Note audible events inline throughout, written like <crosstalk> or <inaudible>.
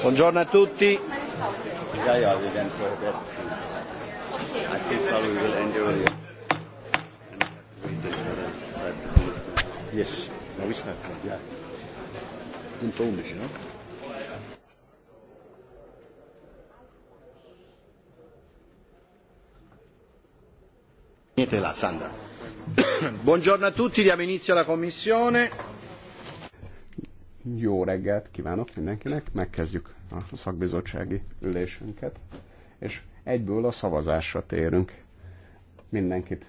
Buongiorno a tutti. Yes, no, we start. Yeah. Punto 11, no? Niente là, Sandra. <coughs> Buongiorno a tutti, diamo inizio alla commissione. Jó reggelt kívánok mindenkinek, megkezdjük a szakbizottsági ülésünket, és egyből a szavazásra térünk. Mindenkit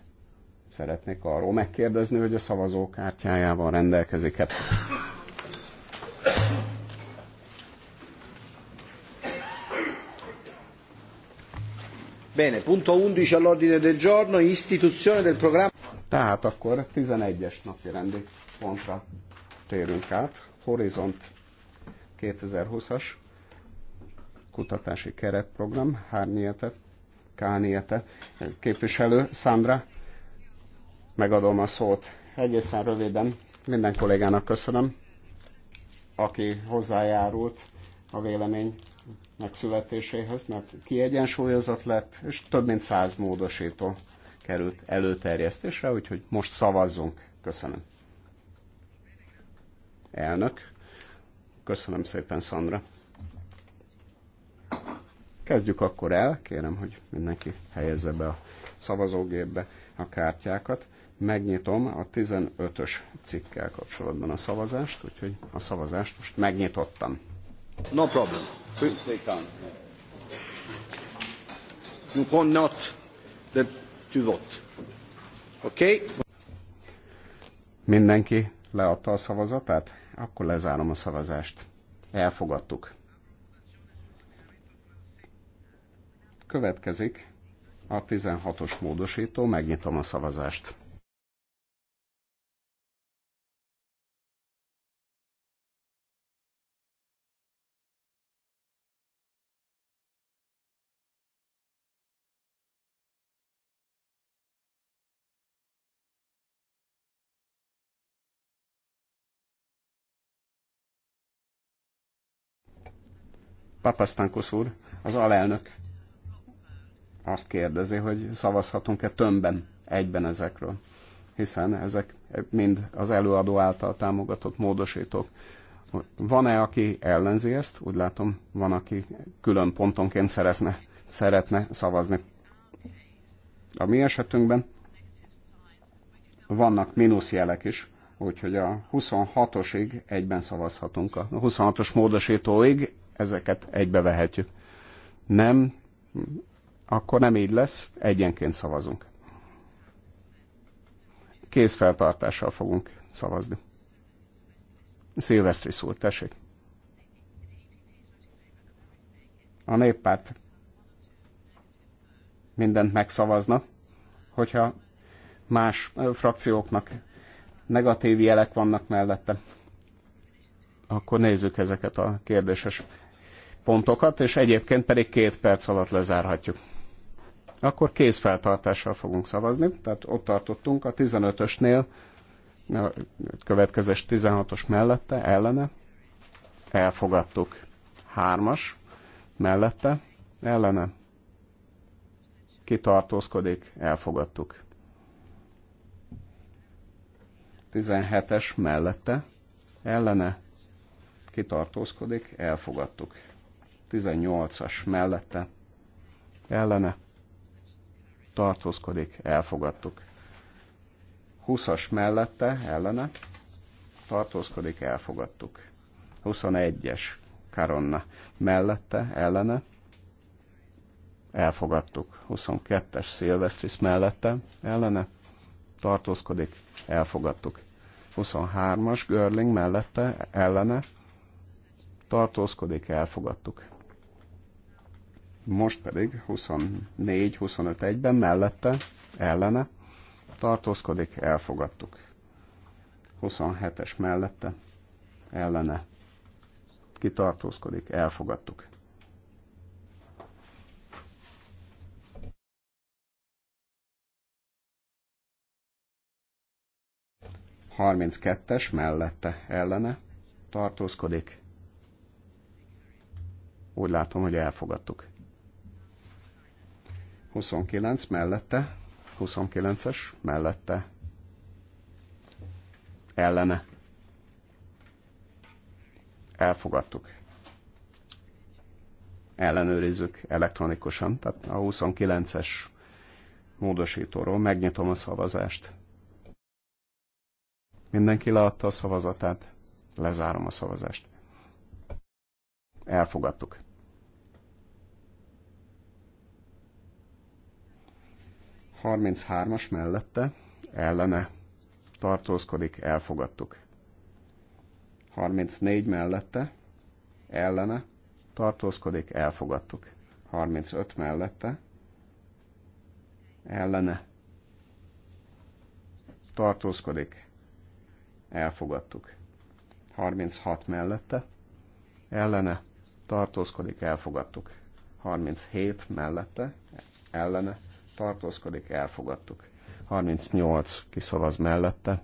szeretnék arról megkérdezni, hogy a szavazókártyájával rendelkezik-e. Bene, punto 11 all'ordine del giorno, istituzione del programma. Tehát akkor 11-es napi rendi pontra térünk át. Horizont 2020-as kutatási keretprogram, Hárniete, Kániete képviselő, Sandra, megadom a szót. Egészen röviden minden kollégának köszönöm, aki hozzájárult a vélemény megszületéséhez, mert kiegyensúlyozott lett, és több mint száz módosító került előterjesztésre, úgyhogy most szavazzunk. Köszönöm. Elnök, köszönöm szépen, Szandra. Kezdjük akkor el, kérem, hogy mindenki helyezze be a szavazógépbe a kártyákat. Megnyitom a 15-ös cikkkel kapcsolatban a szavazást, úgyhogy a szavazást most megnyitottam. No problem. You cannot that to vote. Okay? Mindenki leadta a szavazatát? Akkor lezárom a szavazást. Elfogadtuk. Következik a 16-os módosító, megnyitom a szavazást. Papasztánkusz úr, az alelnök azt kérdezi, hogy szavazhatunk-e tömbben egyben ezekről, hiszen ezek mind az előadó által támogatott módosítók. Van-e, aki ellenzi ezt? Úgy látom, van, aki külön pontonként szerezne, szeretne szavazni. A mi esetünkben vannak mínuszjelek is, úgyhogy a 26-osig egyben szavazhatunk, a 26-os módosítóig ezeket egybevehetjük. Nem, akkor nem így lesz, egyenként szavazunk. Kézfeltartással fogunk szavazni. Szilvesztri szúr, tessék. A néppárt mindent megszavazna, hogyha más frakcióknak negatív jelek vannak mellette. Akkor nézzük ezeket a kérdéses pontokat, és egyébként pedig két perc alatt lezárhatjuk. Akkor kézfeltartással fogunk szavazni, tehát ott tartottunk a 15-ösnél, a következés 16-os mellette, ellene, elfogadtuk. Hármas, mellette, ellene, kitartózkodik, elfogadtuk. 17-es mellette, ellene, kitartózkodik, elfogadtuk. 18-as mellette ellene tartózkodik, elfogadtuk. 20-as mellette ellene tartózkodik, elfogadtuk. 21-es Karonna mellette ellene elfogadtuk. 22-es Szilvesztris mellette ellene tartózkodik, elfogadtuk. 23-as Görling mellette ellene tartózkodik, elfogadtuk. Most pedig 24-25-1-ben mellette, ellene tartózkodik, elfogadtuk. 27-es mellette, ellene kitartózkodik, elfogadtuk. kettes mellette, ellene tartózkodik. Úgy látom, hogy elfogadtuk. 29 mellette, 29-es mellette, ellene. Elfogadtuk. Ellenőrizzük elektronikusan, tehát a 29-es módosítóról megnyitom a szavazást. Mindenki leadta a szavazatát, lezárom a szavazást. Elfogadtuk. 33-as mellette ellene tartózkodik, elfogadtuk. 34 mellette ellene tartózkodik, elfogadtuk. 35 mellette ellene tartózkodik, elfogadtuk. 36 mellette ellene tartózkodik, elfogadtuk. 37 mellette ellene tartózkodik, elfogadtuk. 38 kiszavaz mellette,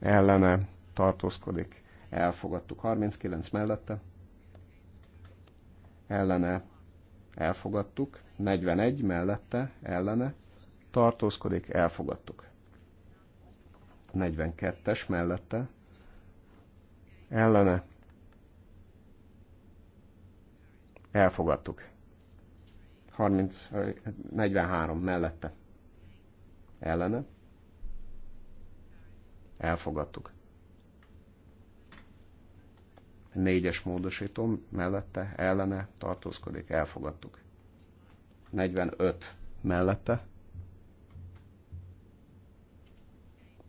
ellene tartózkodik, elfogadtuk. 39 mellette, ellene elfogadtuk. 41 mellette, ellene tartózkodik, elfogadtuk. 42-es mellette, ellene elfogadtuk. 30, 43 mellette. Ellene. Elfogadtuk. Négyes módosítom mellette, ellene tartózkodik, elfogadtuk. 45 mellette.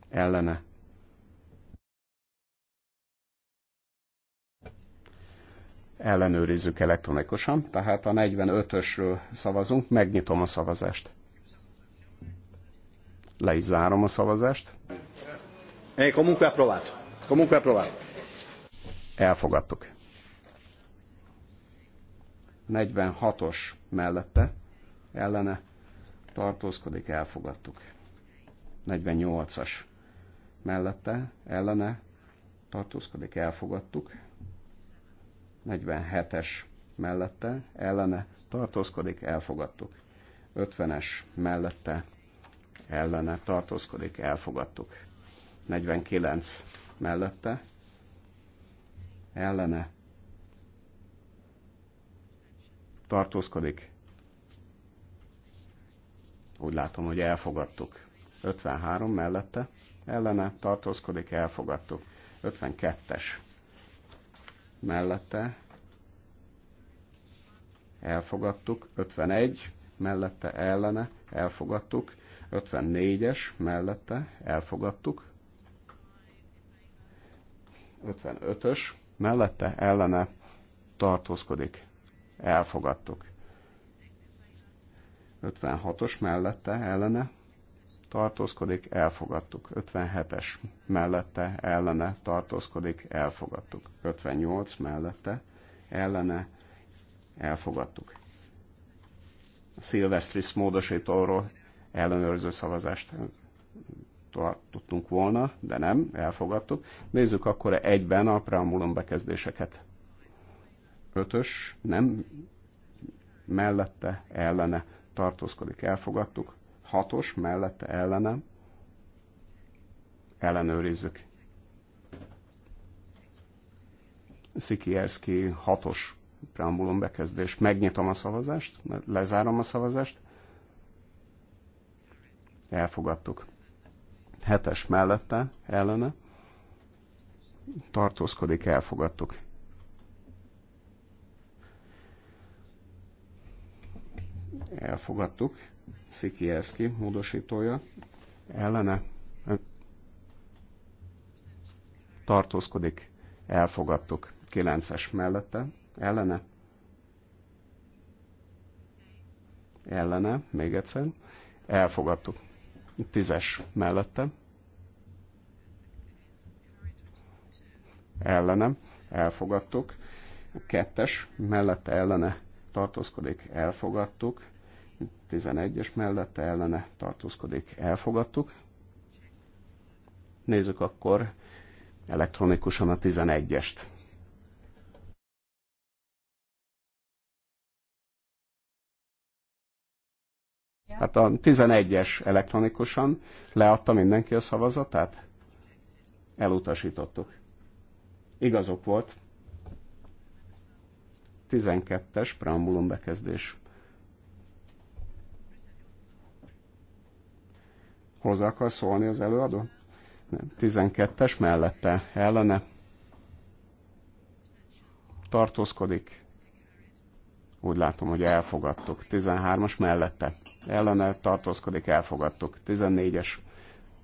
Ellene ellenőrizzük elektronikusan, tehát a 45-ösről szavazunk, megnyitom a szavazást. Le is zárom a szavazást. E comunque approvato. Comunque approvato. Elfogadtuk. 46-os mellette ellene tartózkodik, elfogadtuk. 48-as mellette ellene tartózkodik, elfogadtuk. 47-es mellette ellene tartózkodik, elfogadtuk. 50-es mellette ellene tartózkodik, elfogadtuk. 49 mellette ellene tartózkodik. Úgy látom, hogy elfogadtuk. 53 mellette ellene tartózkodik, elfogadtuk. 52-es mellette elfogadtuk, 51 mellette ellene elfogadtuk, 54-es mellette elfogadtuk, 55-ös mellette ellene tartózkodik, elfogadtuk. 56-os mellette ellene tartózkodik, elfogadtuk. 57-es mellette, ellene tartózkodik, elfogadtuk. 58 mellette, ellene elfogadtuk. A Szilvesztris módosítóról ellenőrző szavazást tudtunk volna, de nem, elfogadtuk. Nézzük akkor egyben a preambulum bekezdéseket. Ötös, nem, mellette, ellene tartózkodik, elfogadtuk hatos mellette ellene ellenőrizzük. Szikierszki hatos preambulum bekezdés. Megnyitom a szavazást, lezárom a szavazást. Elfogadtuk. Hetes mellette, ellene. Tartózkodik, elfogadtuk. Elfogadtuk. Szikieszki módosítója ellene tartózkodik, elfogadtuk. 9-es mellette, ellene, ellene, még egyszer, elfogadtuk. 10-es mellette, ellene, elfogadtuk. 2-es mellette, ellene, tartózkodik, elfogadtuk. 11-es mellette ellene tartózkodik. Elfogadtuk. Nézzük akkor elektronikusan a 11-est. hát a 11-es elektronikusan leadta mindenki a szavazatát? Elutasítottuk. Igazok volt. 12-es preambulum bekezdés Hozzá akar szólni az előadó? Nem. 12-es mellette ellene tartózkodik. Úgy látom, hogy elfogadtuk. 13-as mellette ellene tartózkodik, elfogadtuk. 14-es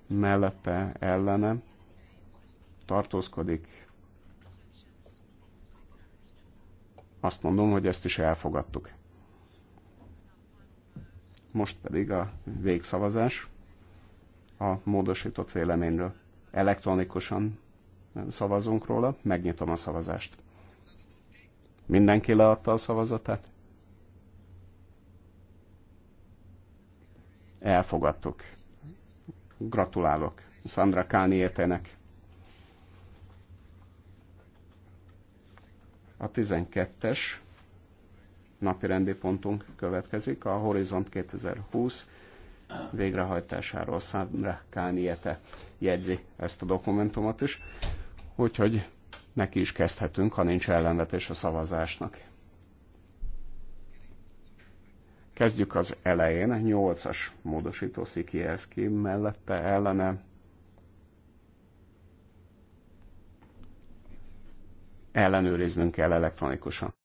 mellette ellene tartózkodik. Azt mondom, hogy ezt is elfogadtuk. Most pedig a végszavazás a módosított véleményről. Elektronikusan szavazunk róla, megnyitom a szavazást. Mindenki leadta a szavazatát? Elfogadtuk. Gratulálok Sandra Kániétenek. A 12-es napi rendi pontunk következik, a Horizont 2020 végrehajtásáról Sandra Kániete jegyzi ezt a dokumentumot is, úgyhogy neki is kezdhetünk, ha nincs ellenvetés a szavazásnak. Kezdjük az elején, 8-as módosító Szikierszki mellette ellene ellenőriznünk kell elektronikusan.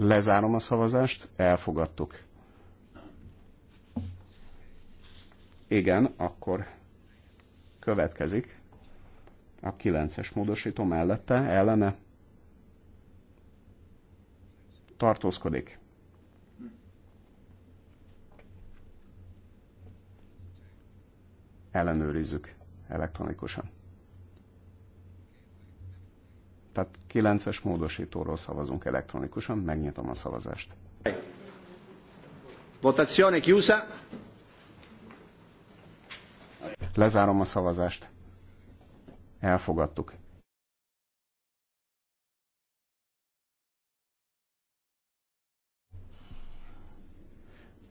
Lezárom a szavazást, elfogadtuk. Igen, akkor következik a 9-es módosító mellette, ellene tartózkodik. Ellenőrizzük elektronikusan. Tehát 9-es módosítóról szavazunk elektronikusan, megnyitom a szavazást. Votazione chiusa. Lezárom a szavazást. Elfogadtuk.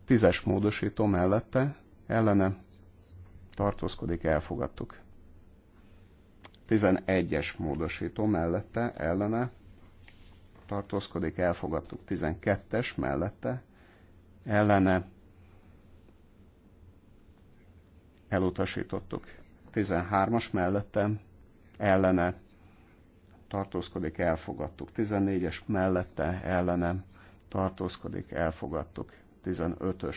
Tízes módosító mellette ellene tartózkodik, elfogadtuk. 11-es módosító mellette, ellene tartózkodik, elfogadtuk. 12-es mellette, ellene elutasítottuk. 13-as mellette, ellene tartózkodik, elfogadtuk. 14-es mellette, ellene tartózkodik, elfogadtuk. 15-ös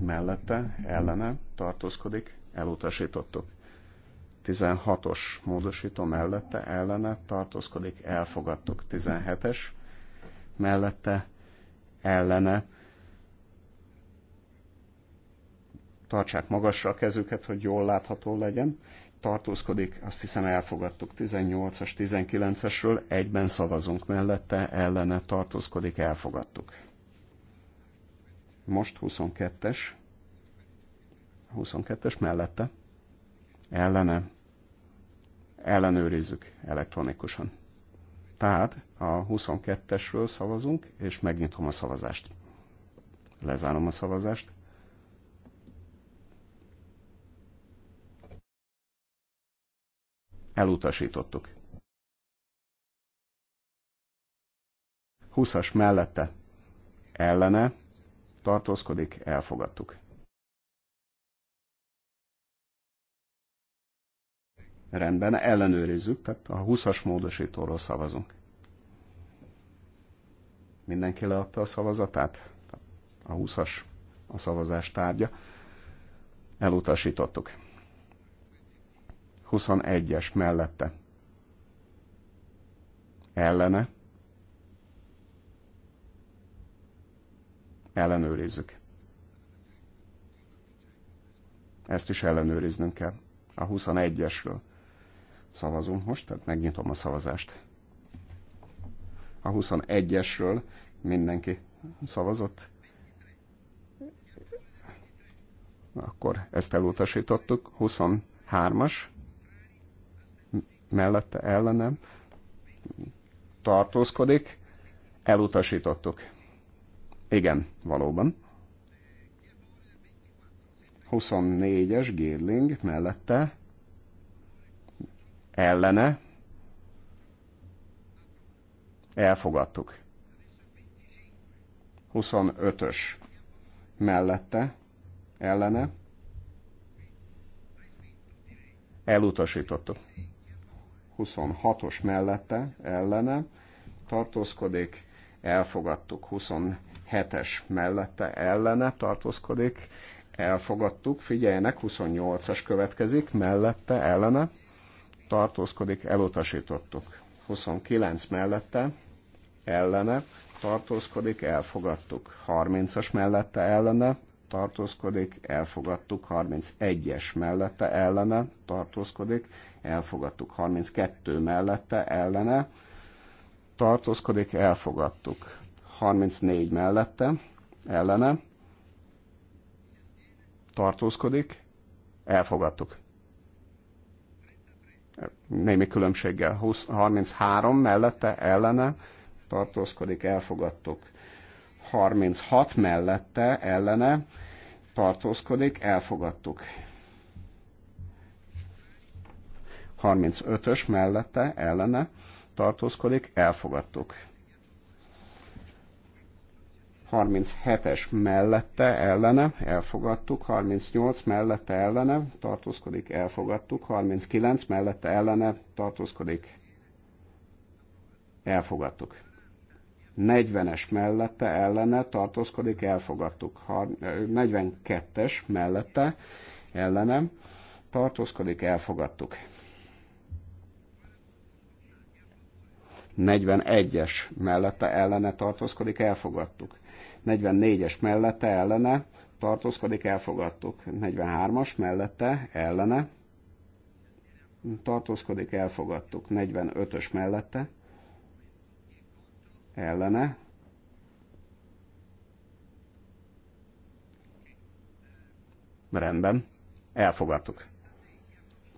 mellette, ellene tartózkodik, elutasítottuk. 16-os módosító mellette ellene tartózkodik, elfogadtuk. 17-es mellette ellene tartsák magasra a kezüket, hogy jól látható legyen. Tartózkodik, azt hiszem elfogadtuk 18-as, 19-esről, egyben szavazunk mellette, ellene tartózkodik, elfogadtuk. Most 22-es 22-es mellette ellene ellenőrizzük elektronikusan. Tehát a 22-esről szavazunk, és megnyitom a szavazást. Lezárom a szavazást. Elutasítottuk. 20-as mellette ellene tartózkodik, elfogadtuk. Rendben, ellenőrizzük, tehát a 20-as módosítóról szavazunk. Mindenki leadta a szavazatát? A 20-as a szavazás tárgya. Elutasítottuk. 21-es mellette. Ellene. Ellenőrizzük. Ezt is ellenőriznünk kell. A 21-esről szavazunk most, tehát megnyitom a szavazást. A 21-esről mindenki szavazott. Akkor ezt elutasítottuk. 23-as mellette ellenem tartózkodik. Elutasítottuk. Igen, valóban. 24-es Gédling mellette ellene elfogadtuk. 25-ös mellette ellene elutasítottuk. 26-os mellette ellene tartózkodik, elfogadtuk. 27-es mellette ellene tartózkodik, elfogadtuk. Figyeljenek, 28-as következik, mellette ellene tartózkodik, elutasítottuk. 29 mellette, ellene, tartózkodik, elfogadtuk. 30-as mellette, ellene, tartózkodik, elfogadtuk. 31-es mellette, ellene, tartózkodik, elfogadtuk. 32 mellette, ellene, tartózkodik, elfogadtuk. 34 mellette, ellene, tartózkodik, elfogadtuk némi különbséggel 20, 33 mellette ellene tartózkodik, elfogadtuk. 36 mellette ellene tartózkodik, elfogadtuk. 35-ös mellette ellene tartózkodik, elfogadtuk. 37-es mellette ellene elfogadtuk, 38 mellette ellene tartózkodik, elfogadtuk, 39 mellette ellene tartózkodik, elfogadtuk. 40-es mellette ellene tartózkodik, elfogadtuk. 42-es mellette ellene tartózkodik, elfogadtuk. 41-es mellette ellene tartózkodik, elfogadtuk. 44-es mellette ellene tartózkodik, elfogadtuk. 43-as mellette ellene tartózkodik, elfogadtuk. 45-ös mellette ellene Rendben. Elfogadtuk.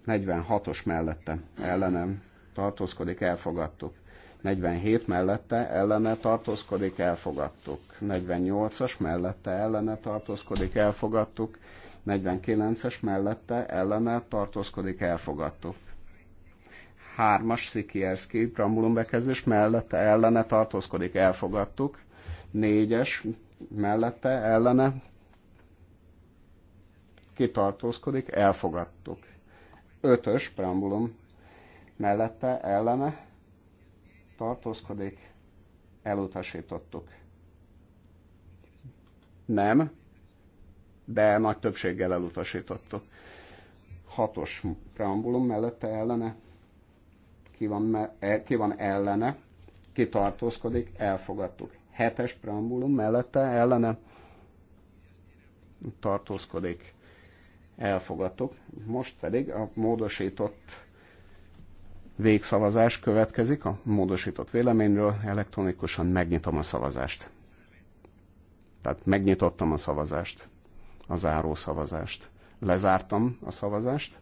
46-os mellette ellenem tartózkodik, elfogadtuk. 47 mellette ellene tartózkodik, elfogadtuk. 48-as mellette ellene tartózkodik, elfogadtuk. 49-es mellette ellene tartózkodik, elfogadtuk. 3-as Szikierszki preambulum bekezdés mellette ellene tartózkodik, elfogadtuk. 4-es mellette ellene kitartózkodik, elfogadtuk. 5-ös preambulum mellette ellene tartózkodik, elutasítottuk. Nem, de nagy többséggel elutasítottuk. Hatos preambulum mellette ellene, ki van, me- e, ki van ellene, ki tartózkodik, elfogadtuk. Hetes preambulum mellette ellene, tartózkodik, elfogadtuk. Most pedig a módosított végszavazás következik a módosított véleményről, elektronikusan megnyitom a szavazást. Tehát megnyitottam a szavazást, a záró szavazást. Lezártam a szavazást.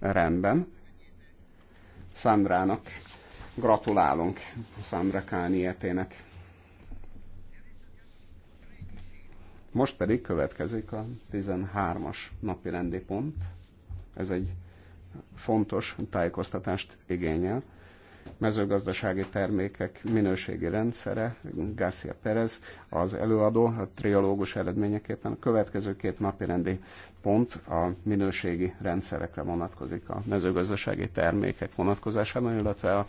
Rendben. Szandrának gratulálunk, Szandra Kánietének. Most pedig következik a 13-as napi rendi pont. Ez egy fontos tájékoztatást igényel. Mezőgazdasági termékek minőségi rendszere, Garcia Perez, az előadó, a triológus eredményeképpen a következő két napirendi pont a minőségi rendszerekre vonatkozik a mezőgazdasági termékek vonatkozásában, illetve a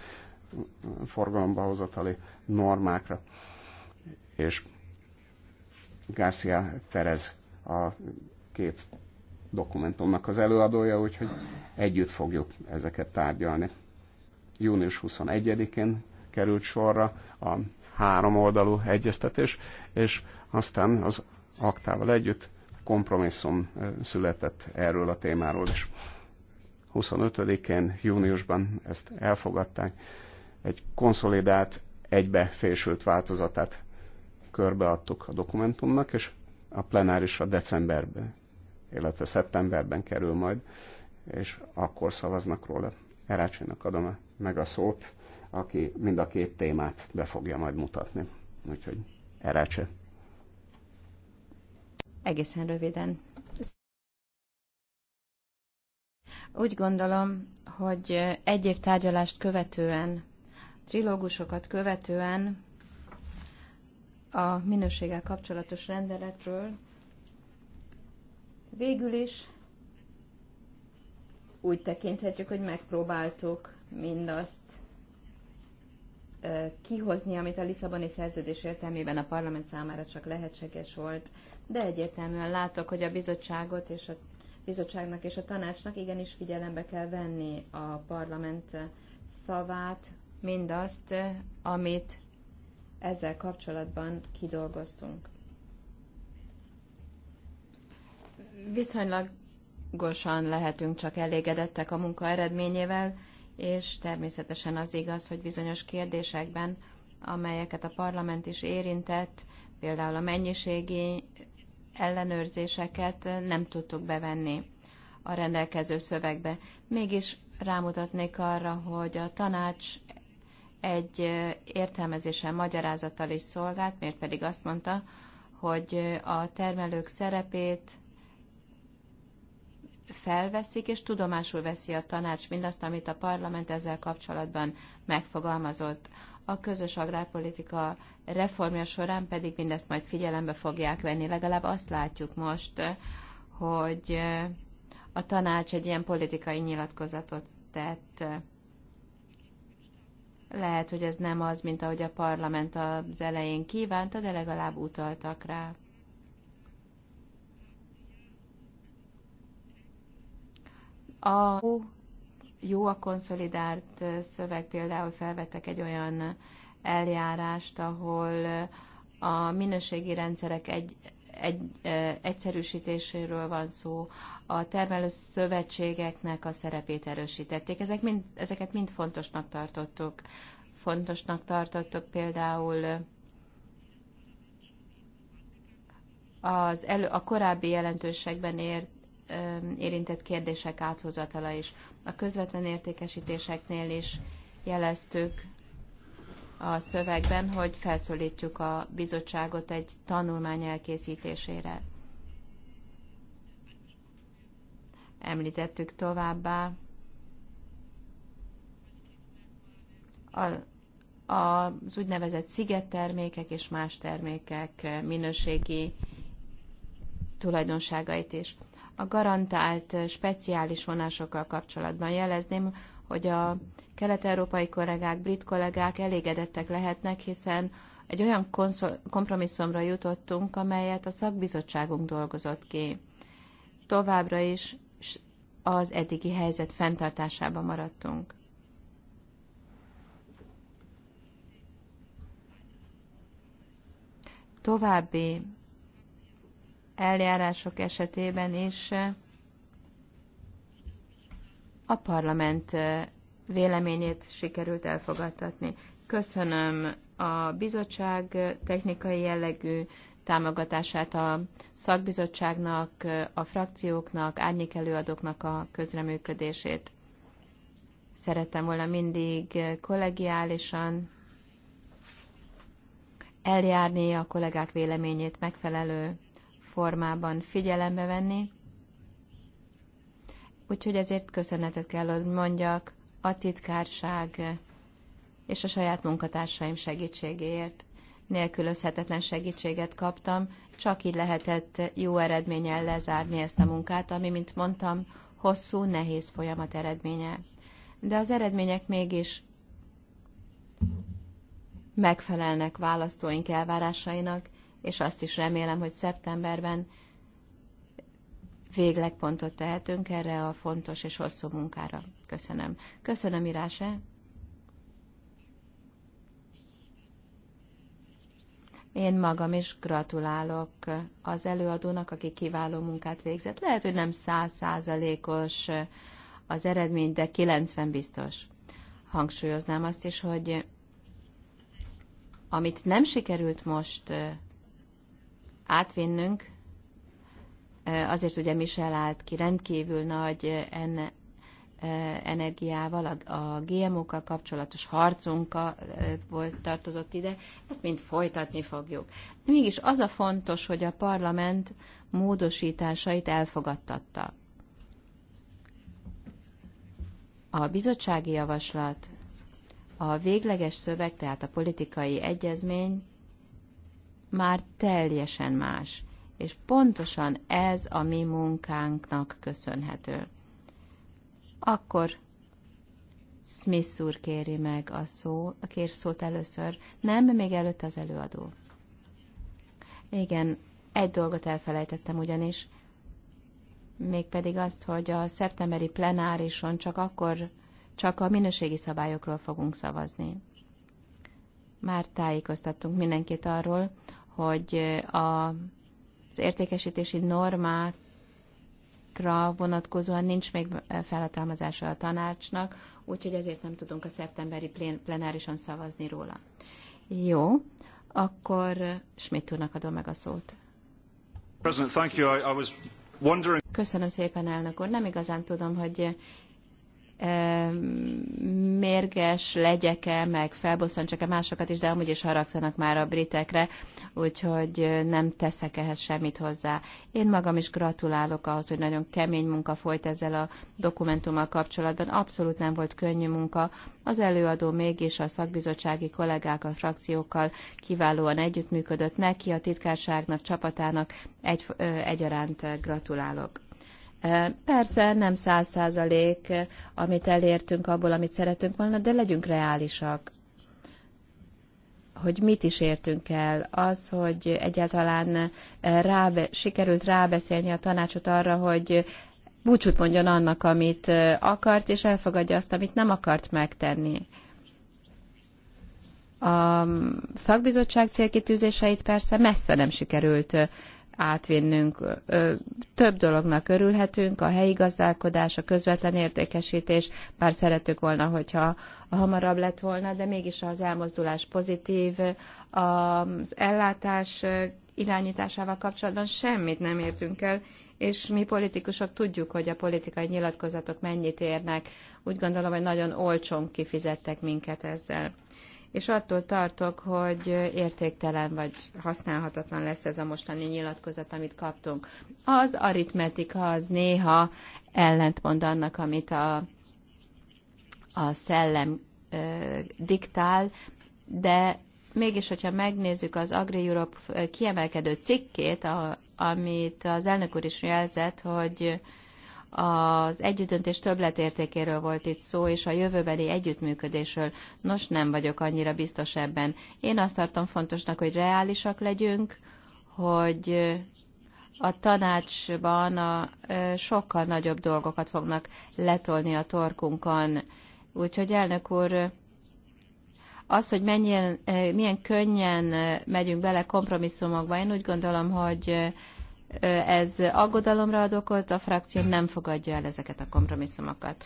forgalomba hozatali normákra. És Garcia Perez a két dokumentumnak az előadója, úgyhogy együtt fogjuk ezeket tárgyalni. Június 21-én került sorra a három oldalú egyeztetés, és aztán az aktával együtt kompromisszum született erről a témáról is. 25-én, júniusban ezt elfogadták, egy konszolidált, egybefésült változatát körbeadtuk a dokumentumnak, és a plenárisra decemberben illetve szeptemberben kerül majd, és akkor szavaznak róla. Erácsinak adom meg a szót, aki mind a két témát be fogja majd mutatni. Úgyhogy Erácsi. Egészen röviden. Úgy gondolom, hogy egy év tárgyalást követően, trilógusokat követően a minőséggel kapcsolatos rendeletről Végül is úgy tekinthetjük, hogy megpróbáltuk mindazt kihozni, amit a Lisszaboni szerződés értelmében a parlament számára csak lehetséges volt, de egyértelműen látok, hogy a bizottságot és a bizottságnak és a tanácsnak igenis figyelembe kell venni a parlament szavát, mindazt, amit ezzel kapcsolatban kidolgoztunk. Viszonylag gosan lehetünk csak elégedettek a munka eredményével, és természetesen az igaz, hogy bizonyos kérdésekben, amelyeket a parlament is érintett, például a mennyiségi ellenőrzéseket nem tudtuk bevenni a rendelkező szövegbe. Mégis rámutatnék arra, hogy a tanács egy értelmezéssel, magyarázattal is szolgált, miért pedig azt mondta, hogy a termelők szerepét felveszik, és tudomásul veszi a tanács mindazt, amit a parlament ezzel kapcsolatban megfogalmazott. A közös agrárpolitika reformja során pedig mindezt majd figyelembe fogják venni. Legalább azt látjuk most, hogy a tanács egy ilyen politikai nyilatkozatot tett. Lehet, hogy ez nem az, mint ahogy a parlament az elején kívánta, de legalább utaltak rá. A jó a konszolidált szöveg, például felvettek egy olyan eljárást, ahol a minőségi rendszerek egy, egy, egyszerűsítéséről van szó, a termelő szövetségeknek a szerepét erősítették. Ezek mind, ezeket mind fontosnak tartottuk. Fontosnak tartottuk például az elő, a korábbi jelentőségben ért érintett kérdések áthozatala is. A közvetlen értékesítéseknél is jeleztük a szövegben, hogy felszólítjuk a bizottságot egy tanulmány elkészítésére. Említettük továbbá a, az úgynevezett szigettermékek és más termékek minőségi tulajdonságait is. A garantált speciális vonásokkal kapcsolatban jelezném, hogy a kelet-európai kollégák, brit kollégák elégedettek lehetnek, hiszen egy olyan kompromisszumra jutottunk, amelyet a szakbizottságunk dolgozott ki. Továbbra is az eddigi helyzet fenntartásában maradtunk. További eljárások esetében is eh, a parlament eh, véleményét sikerült elfogadtatni. Köszönöm a bizottság eh, technikai jellegű támogatását a szakbizottságnak, a frakcióknak, előadóknak a közreműködését. Szerettem volna mindig kollegiálisan eljárni a kollégák véleményét megfelelő formában figyelembe venni. Úgyhogy ezért köszönetet kell, hogy mondjak a titkárság és a saját munkatársaim segítségéért. Nélkülözhetetlen segítséget kaptam, csak így lehetett jó eredménnyel lezárni ezt a munkát, ami, mint mondtam, hosszú, nehéz folyamat eredménye. De az eredmények mégis megfelelnek választóink elvárásainak, és azt is remélem, hogy szeptemberben végleg pontot tehetünk erre a fontos és hosszú munkára. Köszönöm. Köszönöm, Iráse. Én magam is gratulálok az előadónak, aki kiváló munkát végzett. Lehet, hogy nem száz százalékos az eredmény, de 90 biztos. Hangsúlyoznám azt is, hogy amit nem sikerült most átvinnünk, azért ugye Michel állt ki rendkívül nagy enne, energiával, a, a GMO-kkal kapcsolatos harcunk volt tartozott ide, ezt mind folytatni fogjuk. De mégis az a fontos, hogy a parlament módosításait elfogadtatta. A bizottsági javaslat, a végleges szöveg, tehát a politikai egyezmény már teljesen más, és pontosan ez a mi munkánknak köszönhető. Akkor Smith úr kéri meg a szó, a kér szót először. Nem, még előtt az előadó. Igen, egy dolgot elfelejtettem ugyanis, mégpedig azt, hogy a szeptemberi plenárison csak akkor, csak a minőségi szabályokról fogunk szavazni. Már tájékoztattunk mindenkit arról, hogy a, az értékesítési normákra vonatkozóan nincs még felhatalmazása a tanácsnak, úgyhogy ezért nem tudunk a szeptemberi plén, plenárison szavazni róla. Jó, akkor Schmidt úrnak adom meg a szót. Köszönöm szépen, elnök úr. Nem igazán tudom, hogy mérges legyek-e, meg felbosszantsak-e másokat is, de amúgy is haragszanak már a britekre, úgyhogy nem teszek ehhez semmit hozzá. Én magam is gratulálok ahhoz, hogy nagyon kemény munka folyt ezzel a dokumentummal kapcsolatban. Abszolút nem volt könnyű munka. Az előadó mégis a szakbizottsági kollégák, a frakciókkal kiválóan együttműködött neki, a titkárságnak, csapatának egy, egyaránt gratulálok. Persze nem száz százalék, amit elértünk abból, amit szeretünk volna, de legyünk reálisak hogy mit is értünk el. Az, hogy egyáltalán rá, sikerült rábeszélni a tanácsot arra, hogy búcsút mondjon annak, amit akart, és elfogadja azt, amit nem akart megtenni. A mm, szakbizottság célkitűzéseit persze messze nem sikerült átvinnünk. Több dolognak örülhetünk, a helyi gazdálkodás, a közvetlen értékesítés, bár szeretük volna, hogyha hamarabb lett volna, de mégis az elmozdulás pozitív, az ellátás irányításával kapcsolatban semmit nem értünk el, és mi politikusok tudjuk, hogy a politikai nyilatkozatok mennyit érnek. Úgy gondolom, hogy nagyon olcsón kifizettek minket ezzel és attól tartok, hogy értéktelen vagy használhatatlan lesz ez a mostani nyilatkozat, amit kaptunk. Az aritmetika az néha ellentmond annak, amit a, a szellem ö, diktál, de mégis, hogyha megnézzük az Agri Europe kiemelkedő cikkét, a, amit az elnök úr is jelzett, hogy ö, az együttöntés többletértékéről volt itt szó, és a jövőbeli együttműködésről. Nos, nem vagyok annyira biztos ebben. Én azt tartom fontosnak, hogy reálisak legyünk, hogy a tanácsban a, sokkal nagyobb dolgokat fognak letolni a torkunkon. Úgyhogy elnök úr, az, hogy mennyien, milyen könnyen megyünk bele kompromisszumokba, én úgy gondolom, hogy ez aggodalomra ad okot, a frakció nem fogadja el ezeket a kompromisszumokat.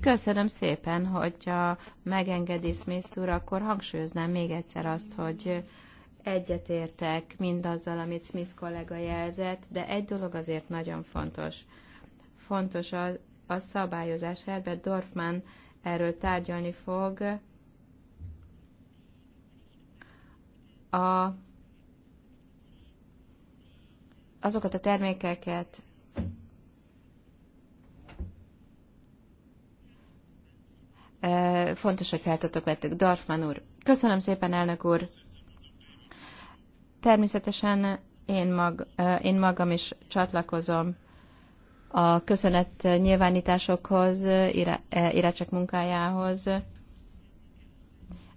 Köszönöm szépen, hogyha megengedi Smith úr, akkor hangsúlyoznám még egyszer azt, hogy egyetértek mindazzal, amit Smith kollega jelzett, de egy dolog azért nagyon fontos. Fontos a, a szabályozás. Herbert Dorfman erről tárgyalni fog. A azokat a termékeket, fontos, hogy feltöltök vettük. Dorfman úr. Köszönöm szépen, elnök úr. Természetesen én, mag, én magam is csatlakozom a köszönet nyilvánításokhoz, Irácsek munkájához.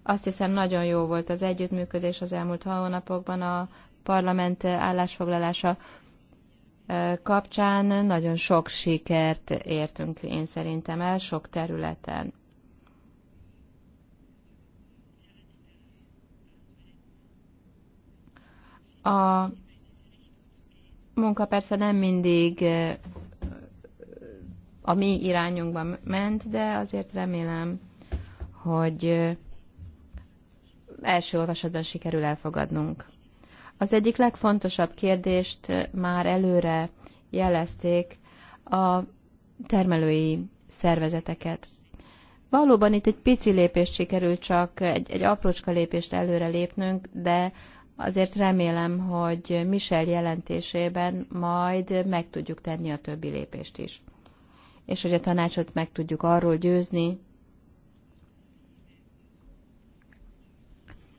Azt hiszem, nagyon jó volt az együttműködés az elmúlt hónapokban a Parlament állásfoglalása kapcsán nagyon sok sikert értünk én szerintem el sok területen. A munka persze nem mindig a mi irányunkban ment, de azért remélem, hogy első olvasatban sikerül elfogadnunk. Az egyik legfontosabb kérdést eh, már előre jelezték a termelői szervezeteket. Valóban itt egy pici lépést sikerült csak, egy, egy aprócska lépést előre lépnünk, de azért remélem, hogy Michel jelentésében majd meg tudjuk tenni a többi lépést is. És hogy a tanácsot meg tudjuk arról győzni,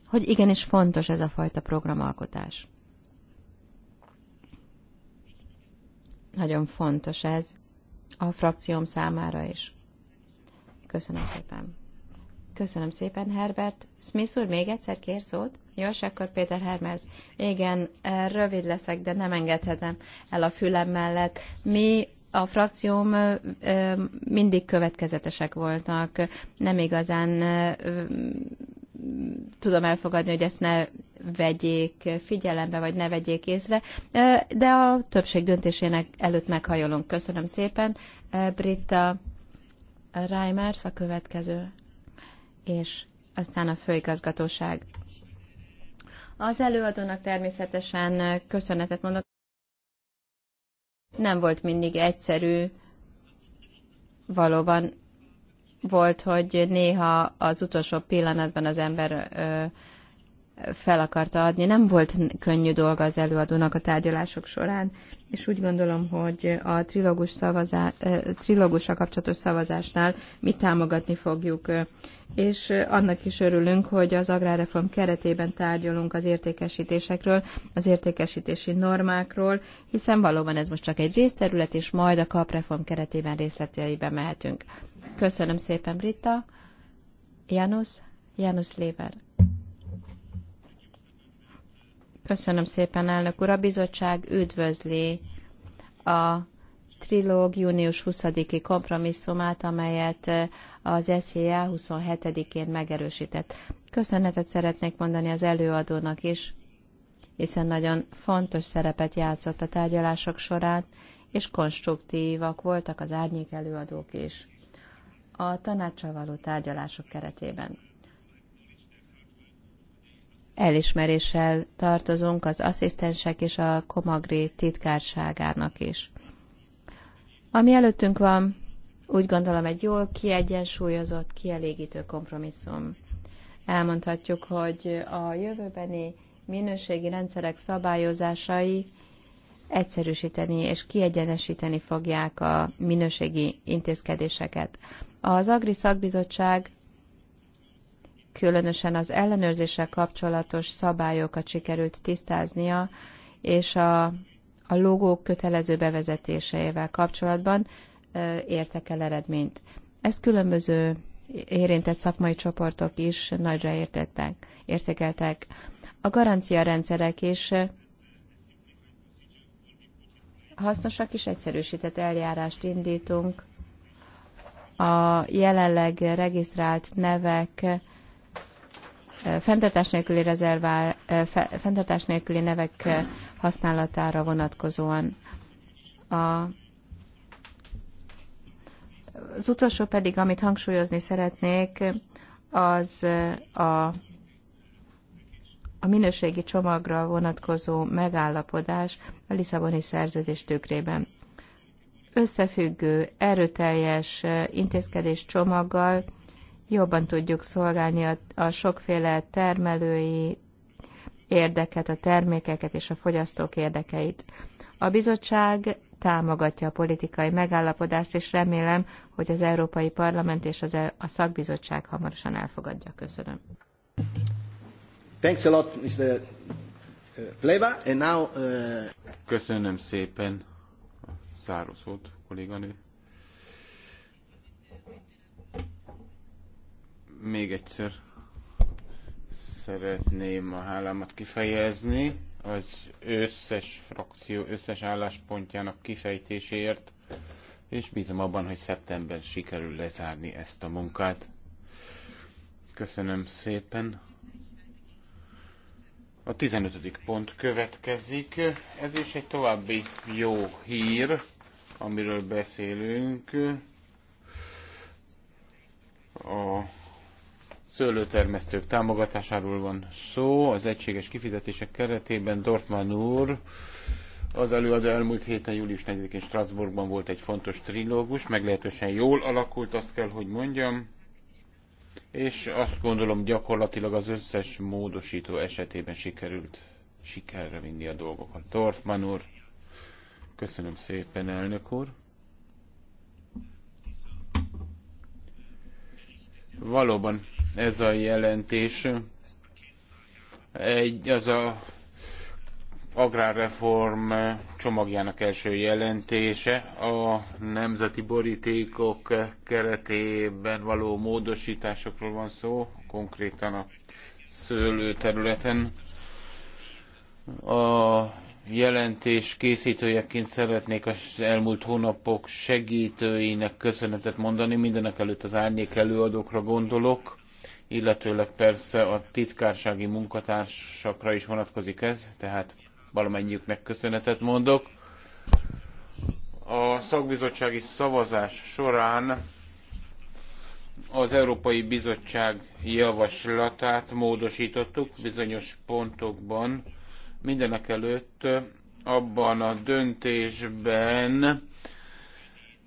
hogy igenis fontos ez a fajta programalkotás. Nagyon fontos ez a frakcióm számára is. Köszönöm szépen. Köszönöm szépen, Herbert. Smith úr, még egyszer kér szót? Jó, és akkor Péter Hermes. Igen, eh, rövid leszek, de nem engedhetem el a fülem mellett. Mi, a frakcióm eh, eh, mindig következetesek voltak, nem igazán tudom elfogadni, hogy ezt ne vegyék figyelembe, vagy ne vegyék észre, de a többség döntésének előtt meghajolunk. Köszönöm szépen. Britta Reimers a következő, és aztán a főigazgatóság. Az előadónak természetesen köszönetet mondok. Nem volt mindig egyszerű, valóban volt, hogy néha az utolsó pillanatban az ember fel akarta adni. Nem volt könnyű dolga az előadónak a tárgyalások során, és úgy gondolom, hogy a trilógus szavazá, trilógusra kapcsolatos szavazásnál mi támogatni fogjuk. És annak is örülünk, hogy az agrárreform keretében tárgyalunk az értékesítésekről, az értékesítési normákról, hiszen valóban ez most csak egy részterület, és majd a kapreform keretében részleteibe mehetünk. Köszönöm szépen, Britta. Janusz, Janusz Léber. Köszönöm szépen, elnök úr. A bizottság üdvözli a trilóg június 20-i kompromisszumát, amelyet eh, az e SZIA 27-én megerősített. Köszönetet szeretnék mondani az előadónak is, hiszen nagyon fontos szerepet játszott a tárgyalások során, és konstruktívak voltak az árnyék előadók is a tanácsal való tárgyalások keretében elismeréssel tartozunk az asszisztensek és a Komagri titkárságának is. Ami előttünk van, úgy gondolom egy jól kiegyensúlyozott, kielégítő kompromisszum. Elmondhatjuk, hogy a jövőbeni minőségi rendszerek szabályozásai egyszerűsíteni és kiegyenesíteni fogják a minőségi intézkedéseket. Az Agri Szakbizottság különösen az ellenőrzéssel kapcsolatos szabályokat sikerült tisztáznia, és a, a logók kötelező bevezetéseivel kapcsolatban értek el eredményt. Ezt különböző érintett szakmai csoportok is nagyra értettek, értékeltek. A garancia rendszerek is hasznosak és egyszerűsített eljárást indítunk. A jelenleg regisztrált nevek fenntartás nélküli, rezervál, eh, fenntartás nélküli nevek eh, használatára vonatkozóan. A, az utolsó pedig, amit hangsúlyozni szeretnék, az eh, a, a minőségi csomagra vonatkozó megállapodás a Lisszaboni szerződés tükrében. Összefüggő, erőteljes intézkedés csomaggal, jobban tudjuk szolgálni a, a sokféle termelői érdeket, a termékeket és a fogyasztók érdekeit. A bizottság támogatja a politikai megállapodást, és remélem, hogy az Európai Parlament és az, e, a szakbizottság hamarosan elfogadja. Köszönöm. Thanks a lot, Mr. Uh, Pleva, and now, uh... Köszönöm szépen a zárószót, kolléganő. Még egyszer szeretném a hálámat kifejezni az összes frakció, összes álláspontjának kifejtéséért, és bízom abban, hogy szeptember sikerül lezárni ezt a munkát. Köszönöm szépen. A 15. pont következik. Ez is egy további jó hír, amiről beszélünk. A szőlőtermesztők támogatásáról van szó az egységes kifizetések keretében. Dortmann úr, az előadó elmúlt héten július 4-én Strasbourgban volt egy fontos trilógus, meglehetősen jól alakult, azt kell, hogy mondjam, és azt gondolom gyakorlatilag az összes módosító esetében sikerült sikerre vinni a dolgokat. Dorfman úr, köszönöm szépen, elnök úr. Valóban ez a jelentés. Egy, az a agrárreform csomagjának első jelentése a nemzeti borítékok keretében való módosításokról van szó, konkrétan a szőlőterületen. A jelentés készítőjeként szeretnék az elmúlt hónapok segítőinek köszönetet mondani, mindenek előtt az árnyék előadókra gondolok illetőleg persze a titkársági munkatársakra is vonatkozik ez, tehát valamennyiüknek köszönetet mondok. A szakbizottsági szavazás során az Európai Bizottság javaslatát módosítottuk bizonyos pontokban, mindenek előtt abban a döntésben,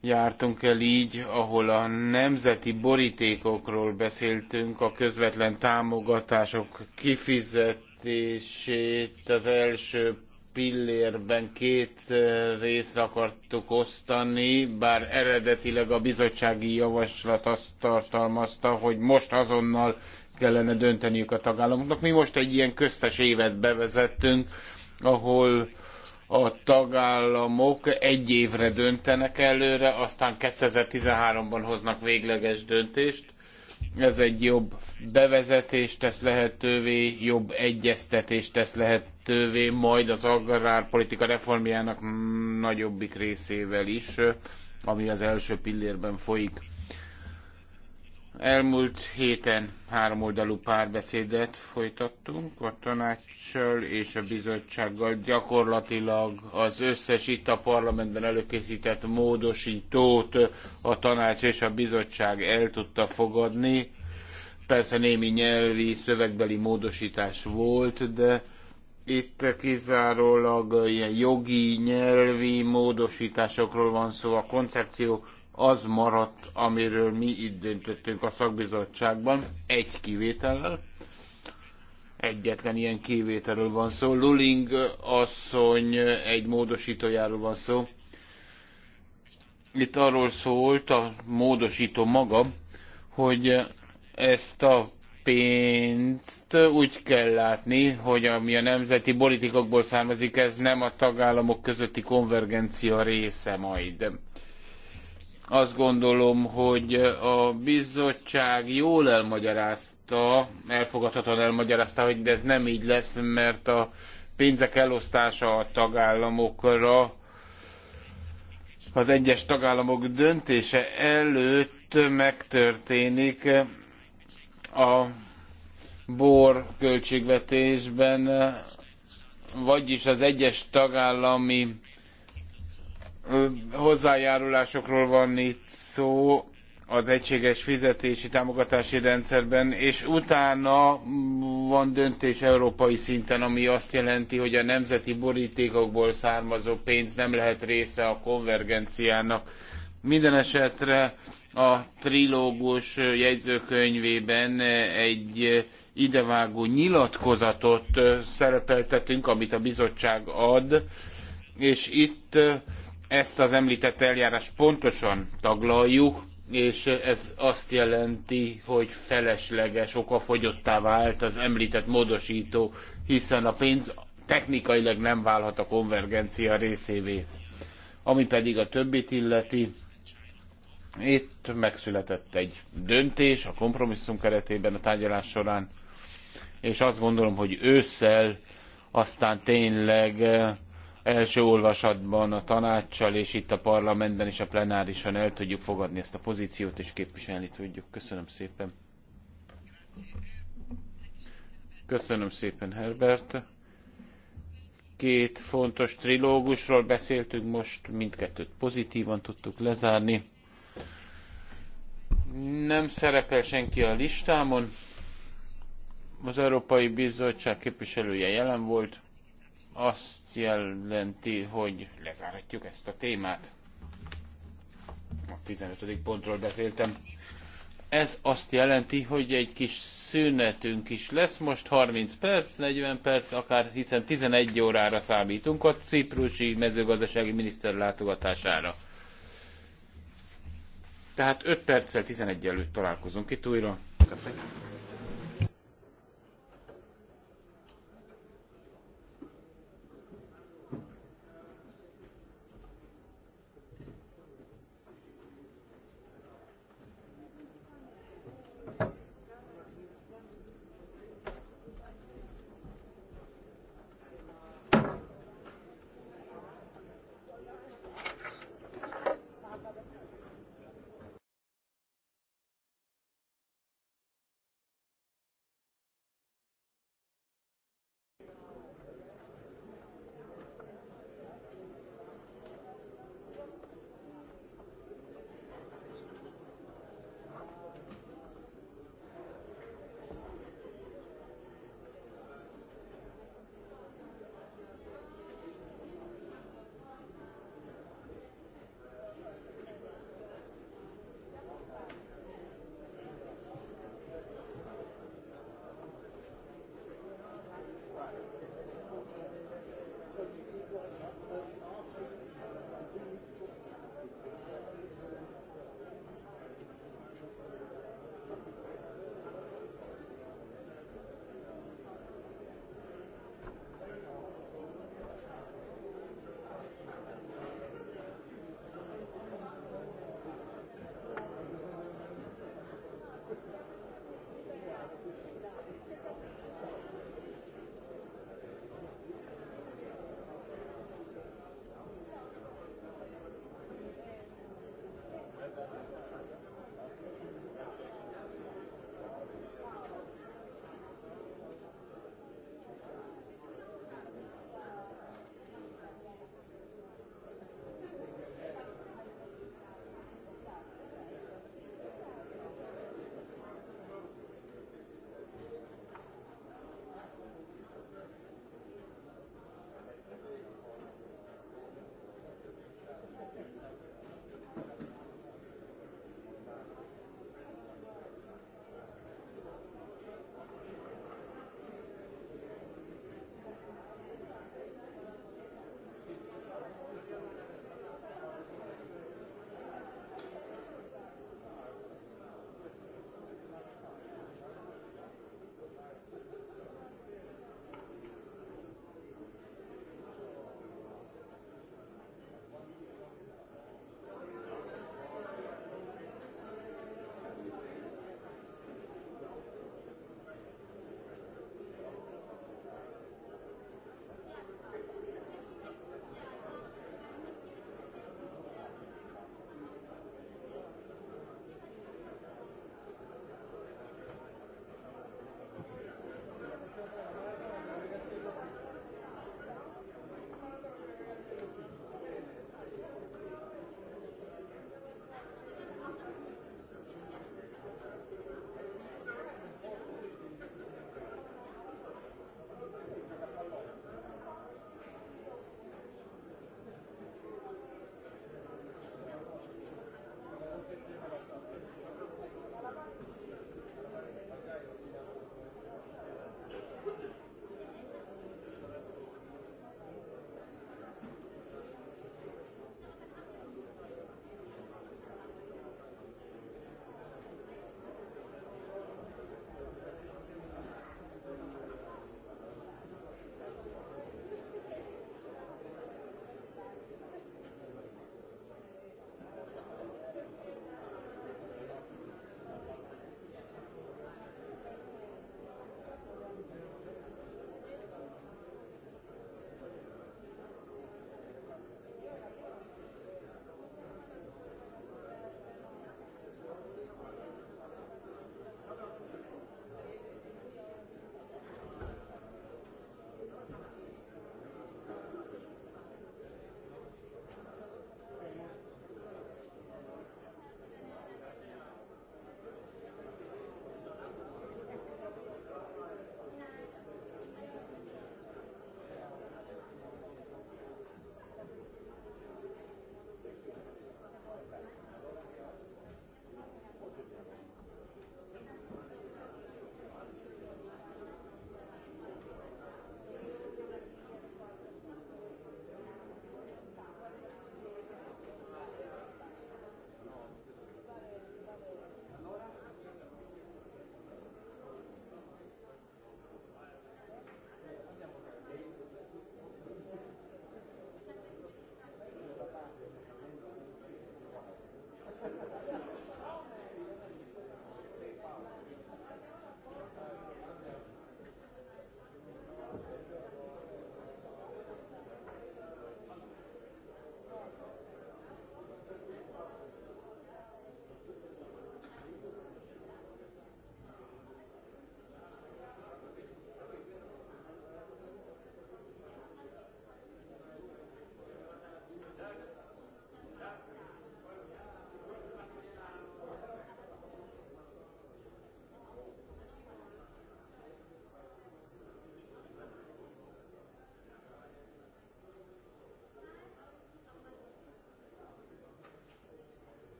jártunk el így, ahol a nemzeti borítékokról beszéltünk, a közvetlen támogatások kifizetését az első pillérben két eh, részre akartuk osztani, bár eredetileg a bizottsági javaslat azt tartalmazta, hogy most azonnal kellene dönteniük a tagállamoknak. Mi most egy ilyen köztes évet bevezettünk, ahol a tagállamok egy évre döntenek előre, aztán 2013-ban hoznak végleges döntést. Ez egy jobb bevezetést tesz lehetővé, jobb egyeztetést tesz lehetővé, majd az agrárpolitika reformjának nagyobbik részével is, ami az első pillérben folyik. Elmúlt héten háromoldalú párbeszédet folytattunk a tanácssal és a bizottsággal. Gyakorlatilag az összes itt a parlamentben előkészített módosítót a tanács és a bizottság el tudta fogadni. Persze némi nyelvi, szövegbeli módosítás volt, de itt kizárólag ilyen jogi, nyelvi módosításokról van szó. A koncepció az maradt, amiről mi itt döntöttünk a szakbizottságban, egy kivétellel. Egyetlen ilyen kivételről van szó. Luling asszony egy módosítójáról van szó. Itt arról szólt a módosító maga, hogy ezt a pénzt úgy kell látni, hogy ami a nemzeti politikokból származik, ez nem a tagállamok közötti konvergencia része majd. Azt gondolom, hogy a bizottság jól elmagyarázta, elfogadhatóan elmagyarázta, hogy de ez nem így lesz, mert a pénzek elosztása a tagállamokra az egyes tagállamok döntése előtt megtörténik a bor költségvetésben, vagyis az egyes tagállami hozzájárulásokról van itt szó az egységes fizetési támogatási rendszerben, és utána van döntés európai szinten, ami azt jelenti, hogy a nemzeti borítékokból származó pénz nem lehet része a konvergenciának. Minden esetre a trilógus jegyzőkönyvében egy idevágó nyilatkozatot szerepeltetünk, amit a bizottság ad, és itt ezt az említett eljárást pontosan taglaljuk, és ez azt jelenti, hogy felesleges okafogyottá vált az említett módosító, hiszen a pénz technikailag nem válhat a konvergencia részévé. Ami pedig a többit illeti, itt megszületett egy döntés a kompromisszum keretében a tárgyalás során, és azt gondolom, hogy ősszel aztán tényleg első olvasatban a tanácssal és itt a parlamentben és a plenárisan el tudjuk fogadni ezt a pozíciót és képviselni tudjuk. Köszönöm szépen. Köszönöm szépen, Herbert. Két fontos trilógusról beszéltünk most, mindkettőt pozitívan tudtuk lezárni. Nem szerepel senki a listámon. Az Európai Bizottság képviselője jelen volt azt jelenti, hogy lezárhatjuk ezt a témát. A 15. pontról beszéltem. Ez azt jelenti, hogy egy kis szünetünk is lesz, most 30 perc, 40 perc, akár hiszen 11 órára számítunk a ciprusi mezőgazdasági miniszter látogatására. Tehát 5 perccel 11 előtt találkozunk itt újra. Köszönöm.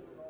Gracias.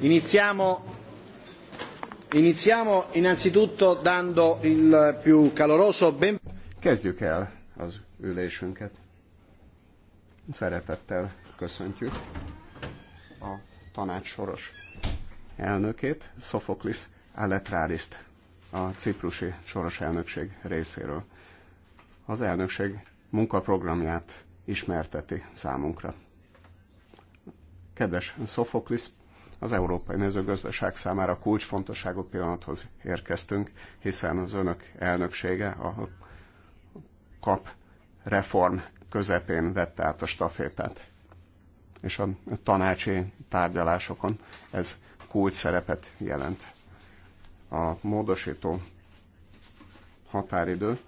Iniziamo, iniziamo innanzitutto dando il più caloroso ben... Kezdjük el az ülésünket. Szeretettel köszöntjük a tanács soros elnökét, Sophoklis Aletráriszt, a ciprusi soros elnökség részéről. Az elnökség munkaprogramját ismerteti számunkra. Kedves Sophoklis, az európai mezőgazdaság számára kulcsfontosságú pillanathoz érkeztünk, hiszen az önök elnöksége a kap reform közepén vette át a stafétát. És a tanácsi tárgyalásokon ez kulcs szerepet jelent. A módosító határidő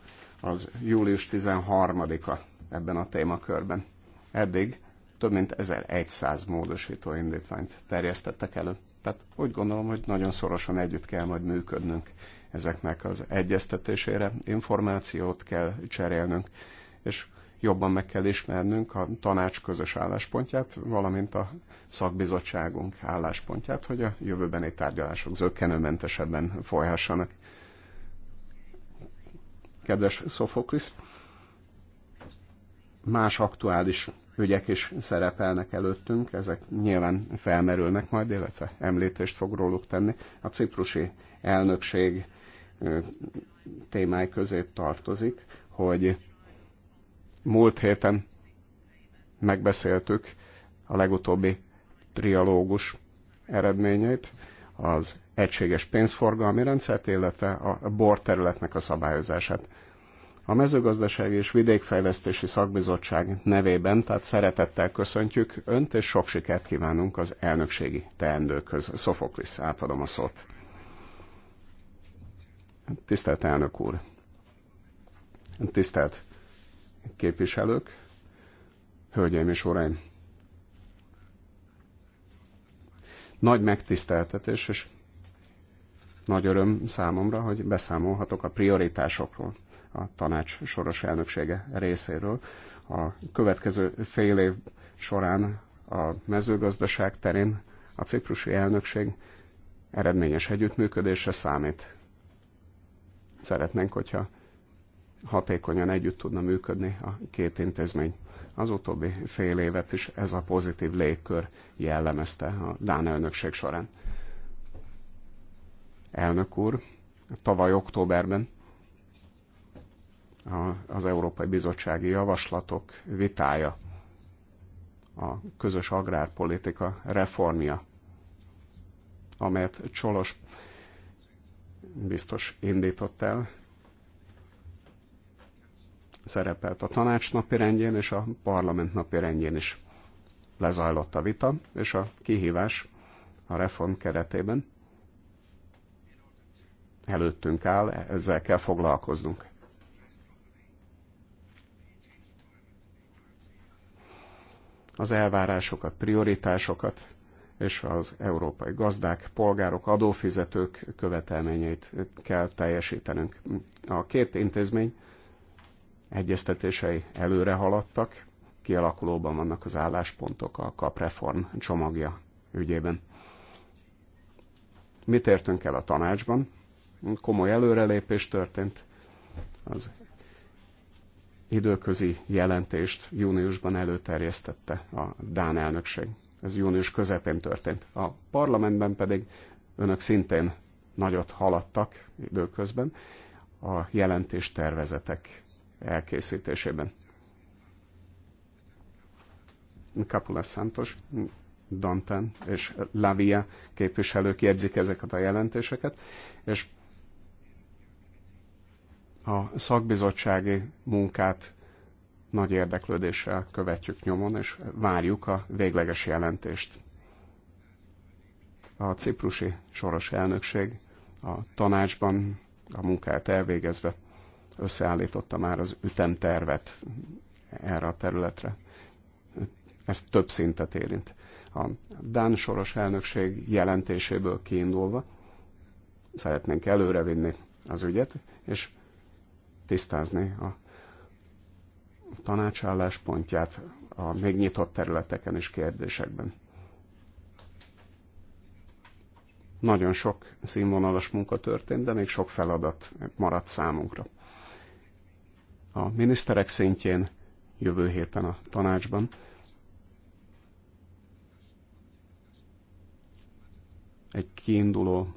az július 13-a ebben a témakörben. Eddig több mint 1100 módosító indítványt terjesztettek elő. Tehát úgy gondolom, hogy nagyon szorosan együtt kell majd működnünk ezeknek az egyeztetésére, információt kell cserélnünk, és jobban meg kell ismernünk a tanács közös álláspontját, valamint a szakbizottságunk álláspontját, hogy a jövőbeni tárgyalások zöggenőmentesebben folyhassanak. Kedves Sophocles, más aktuális ügyek is szerepelnek előttünk, ezek nyilván felmerülnek majd, illetve említést fog róluk tenni. A ciprusi elnökség témái közé tartozik, hogy múlt héten megbeszéltük a legutóbbi trialógus eredményeit, az egységes pénzforgalmi rendszert, illetve a borterületnek a szabályozását. A mezőgazdasági és vidékfejlesztési szakbizottság nevében, tehát szeretettel köszöntjük Önt, és sok sikert kívánunk az elnökségi teendőkhöz. Szofoklisz, átadom a szót. Tisztelt elnök úr! Tisztelt képviselők! Hölgyeim és uraim! Nagy megtiszteltetés és nagy öröm számomra, hogy beszámolhatok a prioritásokról a tanács soros elnöksége részéről. A következő fél év során a mezőgazdaság terén a ciprusi elnökség eredményes együttműködésre számít. Szeretnénk, hogyha hatékonyan együtt tudna működni a két intézmény. Az utóbbi fél évet is ez a pozitív légkör jellemezte a Dán elnökség során. Elnök úr, tavaly októberben az Európai Bizottsági Javaslatok vitája, a közös agrárpolitika reformja, amelyet Csolos biztos indított el, szerepelt a tanács napirendjén és a parlament napirendjén is. Lezajlott a vita, és a kihívás a reform keretében előttünk áll, ezzel kell foglalkoznunk. az elvárásokat, prioritásokat és az európai gazdák, polgárok, adófizetők követelményeit kell teljesítenünk. A két intézmény egyeztetései előre haladtak, kialakulóban vannak az álláspontok a kapreform csomagja ügyében. Mit értünk el a tanácsban? Komoly előrelépés történt az időközi jelentést júniusban előterjesztette a Dán elnökség. Ez június közepén történt. A parlamentben pedig önök szintén nagyot haladtak időközben a jelentés tervezetek elkészítésében. Capula Santos, Danten és Lavia képviselők jegyzik ezeket a jelentéseket, és a szakbizottsági munkát nagy érdeklődéssel követjük nyomon, és várjuk a végleges jelentést. A ciprusi soros elnökség a tanácsban a munkát elvégezve összeállította már az ütemtervet erre a területre. Ez több szintet érint. A Dán soros elnökség jelentéséből kiindulva szeretnénk előrevinni az ügyet, és tisztázni a tanácsálláspontját a még nyitott területeken és kérdésekben. Nagyon sok színvonalas munka történt, de még sok feladat maradt számunkra. A miniszterek szintjén jövő héten a tanácsban egy kiinduló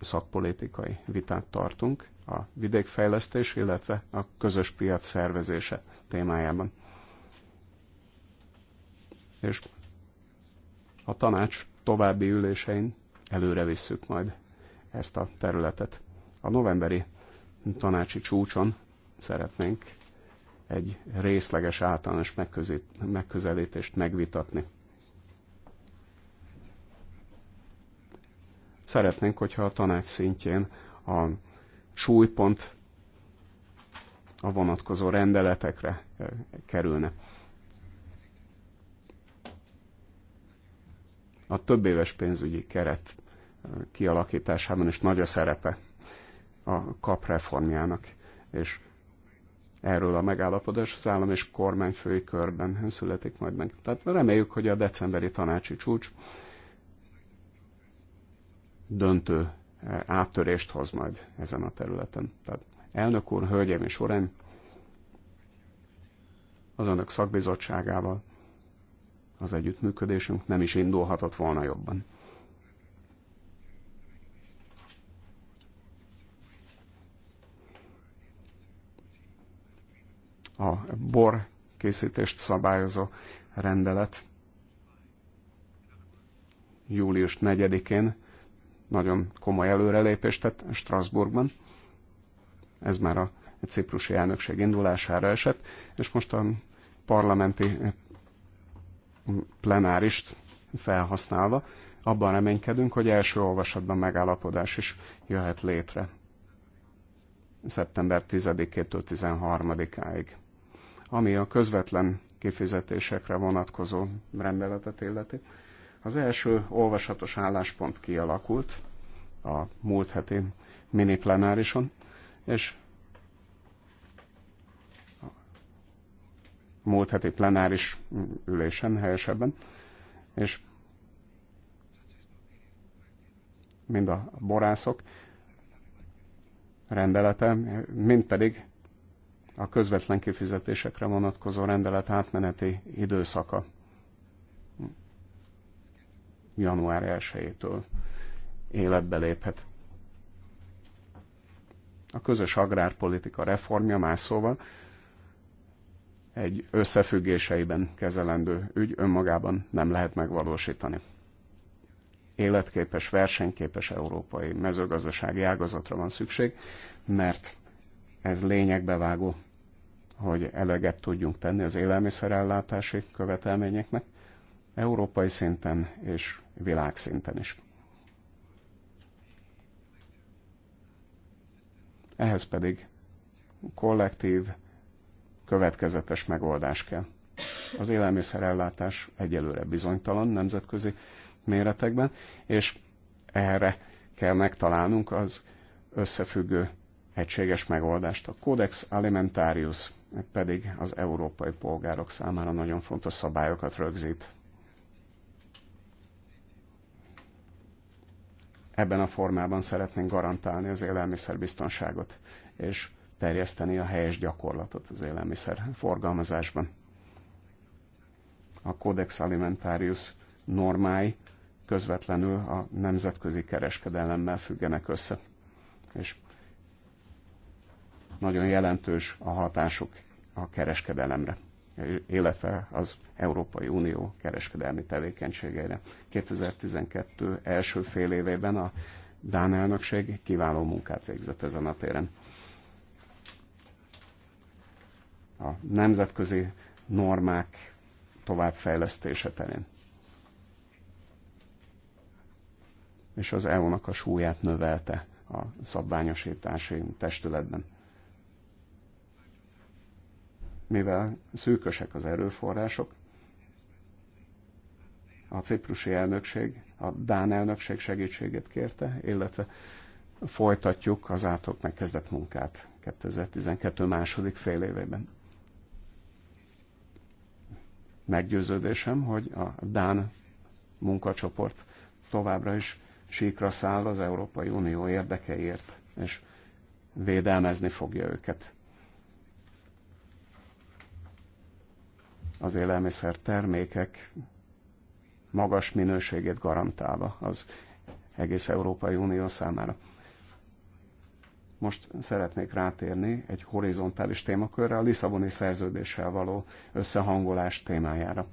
szakpolitikai vitát tartunk, a vidékfejlesztés, illetve a közös piac szervezése témájában. És a tanács további ülésein előre visszük majd ezt a területet. A novemberi tanácsi csúcson szeretnénk egy részleges általános megközelítést megvitatni. Szeretnénk, hogyha a tanács szintjén a súlypont a vonatkozó rendeletekre eh, kerülne. A több éves pénzügyi keret eh, kialakításában is nagy a szerepe a kap reformjának, és erről a megállapodás az állam és kormányfői körben születik majd meg. Tehát reméljük, hogy a decemberi tanácsi csúcs döntő áttörést hoz majd ezen a területen. Tehát elnök úr, hölgyeim és uraim, az önök szakbizottságával az együttműködésünk nem is indulhatott volna jobban. A bor készítést szabályozó rendelet július 4-én nagyon komoly előrelépést tett Strasbourgban. Ez már a ciprusi elnökség indulására esett, és most a parlamenti plenárist felhasználva abban reménykedünk, hogy első olvasatban megállapodás is jöhet létre szeptember 10-től 13-áig. Ami a közvetlen kifizetésekre vonatkozó rendeletet illeti, az első olvasatos álláspont kialakult a múlt heti mini plenárison, és a múlt heti plenáris ülésen helyesebben, és mind a borászok rendelete, mind pedig a közvetlen kifizetésekre vonatkozó rendelet átmeneti időszaka január 1-től életbe léphet. A közös agrárpolitika reformja más szóval egy összefüggéseiben kezelendő ügy önmagában nem lehet megvalósítani. Életképes, versenyképes európai mezőgazdasági ágazatra van szükség, mert ez lényegbe vágó, hogy eleget tudjunk tenni az élelmiszerellátási követelményeknek, európai szinten és világszinten is. Ehhez pedig kollektív, következetes megoldás kell. Az élelmiszerellátás egyelőre bizonytalan nemzetközi méretekben, és erre kell megtalálnunk az összefüggő egységes megoldást. A Codex Alimentarius pedig az európai polgárok számára nagyon fontos szabályokat rögzít. Ebben a formában szeretnénk garantálni az élelmiszerbiztonságot, és terjeszteni a helyes gyakorlatot az élelmiszer forgalmazásban. A Codex Alimentarius normái közvetlenül a nemzetközi kereskedelemmel függenek össze, és nagyon jelentős a hatásuk a kereskedelemre illetve az Európai Unió kereskedelmi tevékenységeire. 2012 első fél évében a Dán elnökség kiváló munkát végzett ezen a téren. A nemzetközi normák továbbfejlesztése terén. És az EU-nak a súlyát növelte a szabványosítási testületben mivel szűkösek az erőforrások, a ciprusi elnökség, a Dán elnökség segítségét kérte, illetve folytatjuk az átok megkezdett munkát 2012 második fél évében. Meggyőződésem, hogy a Dán munkacsoport továbbra is síkra száll az Európai Unió érdekeiért, és védelmezni fogja őket az élelmiszer termékek magas minőségét garantálva az egész Európai Unió számára. Most szeretnék rátérni egy horizontális témakörre, a Lisszaboni szerződéssel való összehangolás témájára.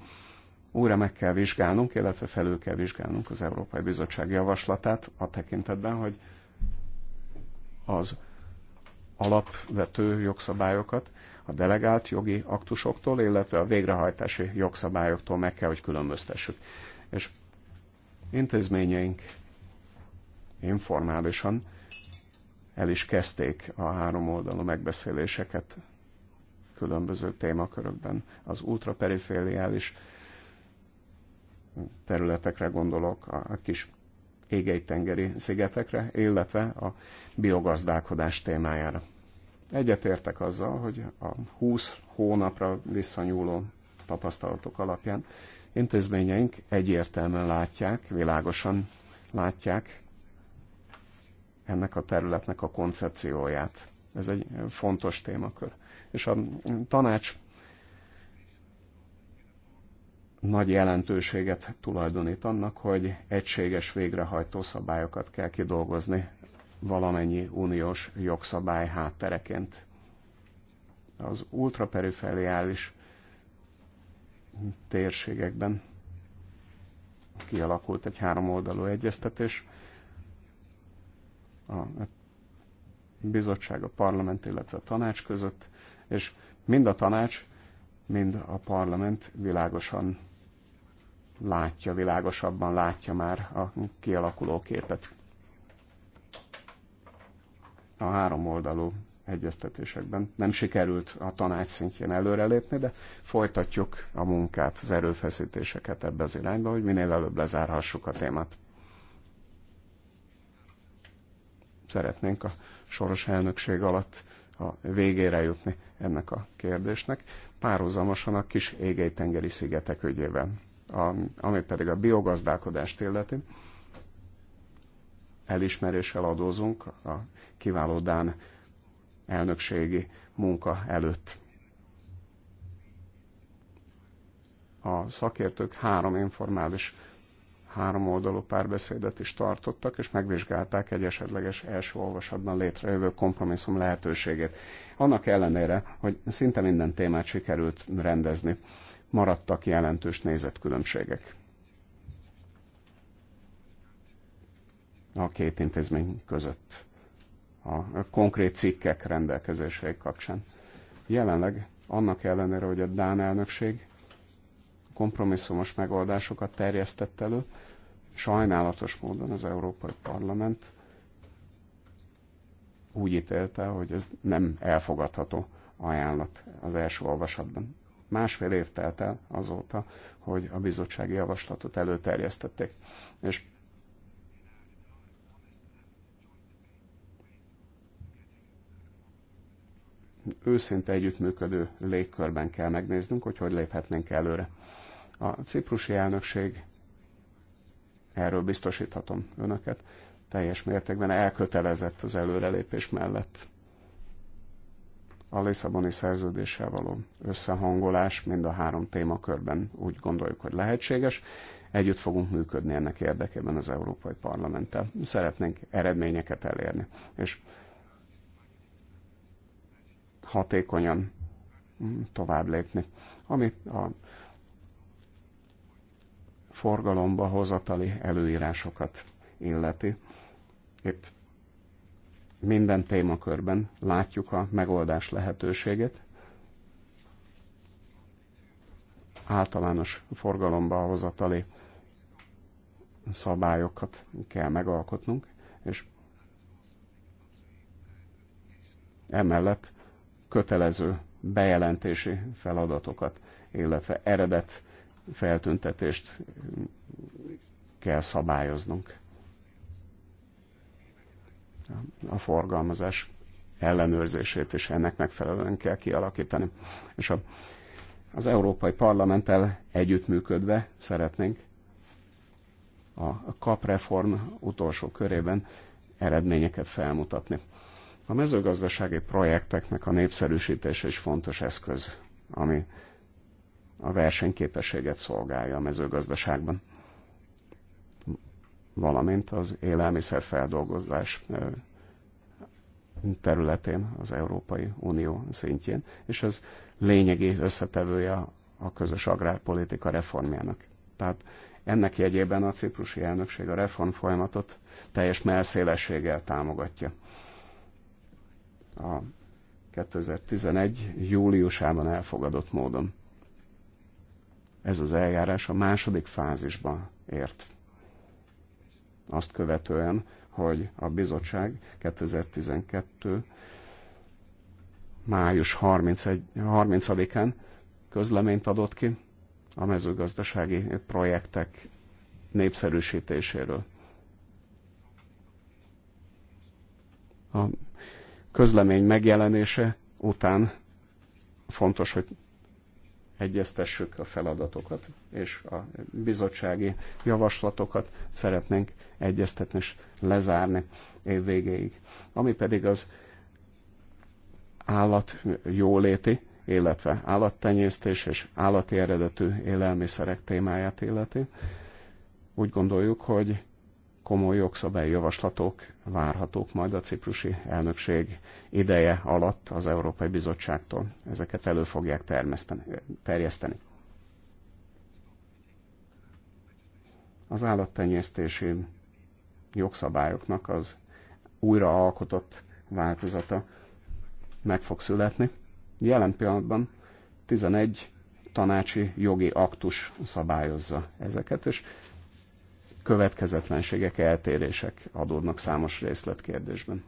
Újra meg kell vizsgálnunk, illetve felül kell vizsgálnunk az Európai Bizottság javaslatát a tekintetben, hogy az alapvető jogszabályokat a delegált jogi aktusoktól, illetve a végrehajtási jogszabályoktól meg kell, hogy különböztessük. És intézményeink informálisan el is kezdték a három oldalú megbeszéléseket különböző témakörökben. Az ultraperifériális területekre gondolok, a kis égei-tengeri szigetekre, illetve a biogazdálkodás témájára. Egyetértek azzal, hogy a 20 hónapra visszanyúló tapasztalatok alapján intézményeink egyértelműen látják, világosan látják ennek a területnek a koncepcióját. Ez egy fontos témakör. És a tanács nagy jelentőséget tulajdonít annak, hogy egységes végrehajtó szabályokat kell kidolgozni valamennyi uniós jogszabály háttereként. Az ultraperifériális térségekben kialakult egy háromoldalú egyeztetés. A bizottság, a parlament, illetve a tanács között, és mind a tanács, mind a parlament világosan látja, világosabban látja már a kialakuló képet a három oldalú egyeztetésekben nem sikerült a tanács szintjén előrelépni, de folytatjuk a munkát, az erőfeszítéseket ebbe az irányba, hogy minél előbb lezárhassuk a témát. Szeretnénk a soros elnökség alatt a végére jutni ennek a kérdésnek, párhuzamosan a kis égei-tengeri szigetek ügyében, a, ami pedig a biogazdálkodást illeti elismeréssel adózunk a kiváló Dán elnökségi munka előtt. A szakértők három informális három oldalú párbeszédet is tartottak, és megvizsgálták egy esetleges első olvasatban létrejövő kompromisszum lehetőségét. Annak ellenére, hogy szinte minden témát sikerült rendezni, maradtak jelentős nézetkülönbségek. a két intézmény között a konkrét cikkek rendelkezései kapcsán. Jelenleg annak ellenére, hogy a Dán elnökség kompromisszumos megoldásokat terjesztett elő, sajnálatos módon az Európai Parlament úgy ítélte, hogy ez nem elfogadható ajánlat az első olvasatban. Másfél év telt el azóta, hogy a bizottsági javaslatot előterjesztették. És őszinte együttműködő légkörben kell megnéznünk, hogy hogy léphetnénk előre. A ciprusi elnökség, erről biztosíthatom önöket, teljes mértékben elkötelezett az előrelépés mellett. A Lisszaboni szerződéssel való összehangolás mind a három témakörben úgy gondoljuk, hogy lehetséges. Együtt fogunk működni ennek érdekében az Európai Parlamenttel. Szeretnénk eredményeket elérni. És hatékonyan tovább lépni. Ami a forgalomba hozatali előírásokat illeti. Itt minden témakörben látjuk a megoldás lehetőséget, Általános forgalomba hozatali szabályokat kell megalkotnunk, és emellett kötelező bejelentési feladatokat, illetve eredet feltüntetést kell szabályoznunk a forgalmazás ellenőrzését is ennek megfelelően kell kialakítani. És a, az Európai Parlamenttel együttműködve szeretnénk a kapreform utolsó körében eredményeket felmutatni. A mezőgazdasági projekteknek a népszerűsítése is fontos eszköz, ami a versenyképességet szolgálja a mezőgazdaságban, valamint az élelmiszerfeldolgozás területén, az Európai Unió szintjén, és ez lényegi összetevője a közös agrárpolitika reformjának. Tehát ennek jegyében a ciprusi elnökség a reform folyamatot teljes melszélességgel támogatja a 2011. júliusában elfogadott módon. Ez az eljárás a második fázisba ért. Azt követően, hogy a bizottság 2012. május 30-án közleményt adott ki a mezőgazdasági projektek népszerűsítéséről. A közlemény megjelenése után fontos, hogy egyeztessük a feladatokat, és a bizottsági javaslatokat szeretnénk egyeztetni és lezárni év végéig. Ami pedig az állat jóléti, illetve állattenyésztés és állati eredetű élelmiszerek témáját illeti. Úgy gondoljuk, hogy komoly jogszabályi javaslatok várhatók majd a ciprusi elnökség ideje alatt az Európai Bizottságtól. Ezeket elő fogják terjeszteni. Az állattenyésztési jogszabályoknak az újra alkotott változata meg fog születni. Jelen pillanatban 11 tanácsi jogi aktus szabályozza ezeket, és következetlenségek, eltérések adódnak számos részletkérdésben.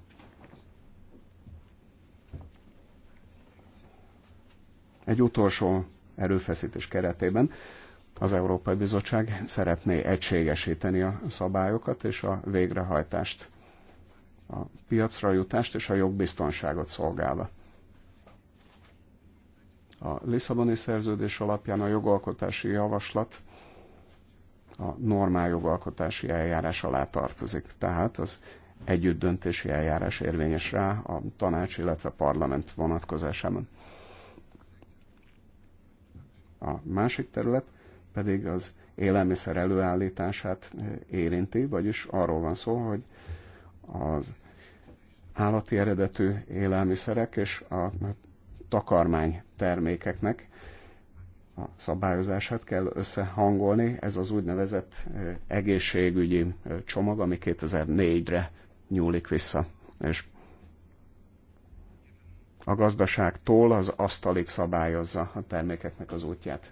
Egy utolsó erőfeszítés keretében az Európai Bizottság szeretné egységesíteni a szabályokat és a végrehajtást, a piacra jutást és a jogbiztonságot szolgálva. A Lisszaboni szerződés alapján a jogalkotási javaslat a normál jogalkotási eljárás alá tartozik. Tehát az együtt döntési eljárás érvényes rá a tanács, illetve a parlament vonatkozásában. A másik terület pedig az élelmiszer előállítását érinti, vagyis arról van szó, hogy az állati eredetű élelmiszerek és a takarmány termékeknek a szabályozását kell összehangolni. Ez az úgynevezett egészségügyi csomag, ami 2004-re nyúlik vissza. És a gazdaságtól az asztalig szabályozza a termékeknek az útját.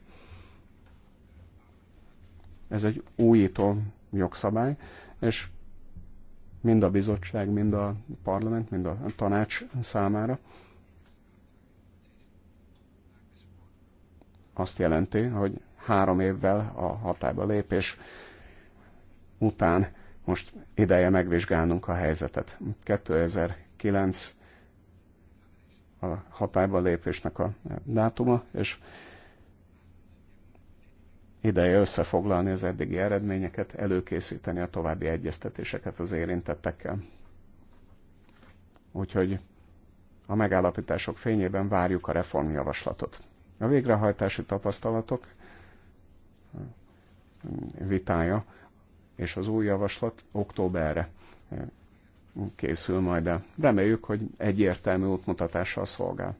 Ez egy újító jogszabály, és mind a bizottság, mind a parlament, mind a tanács számára azt jelenti, hogy három évvel a hatályba lépés után most ideje megvizsgálnunk a helyzetet. 2009 a hatályba lépésnek a dátuma, és ideje összefoglalni az eddigi eredményeket, előkészíteni a további egyeztetéseket az érintettekkel. Úgyhogy a megállapítások fényében várjuk a reformjavaslatot. A végrehajtási tapasztalatok mm, vitája és az új javaslat októberre mm, készül majd el. Reméljük, hogy egyértelmű útmutatással szolgál.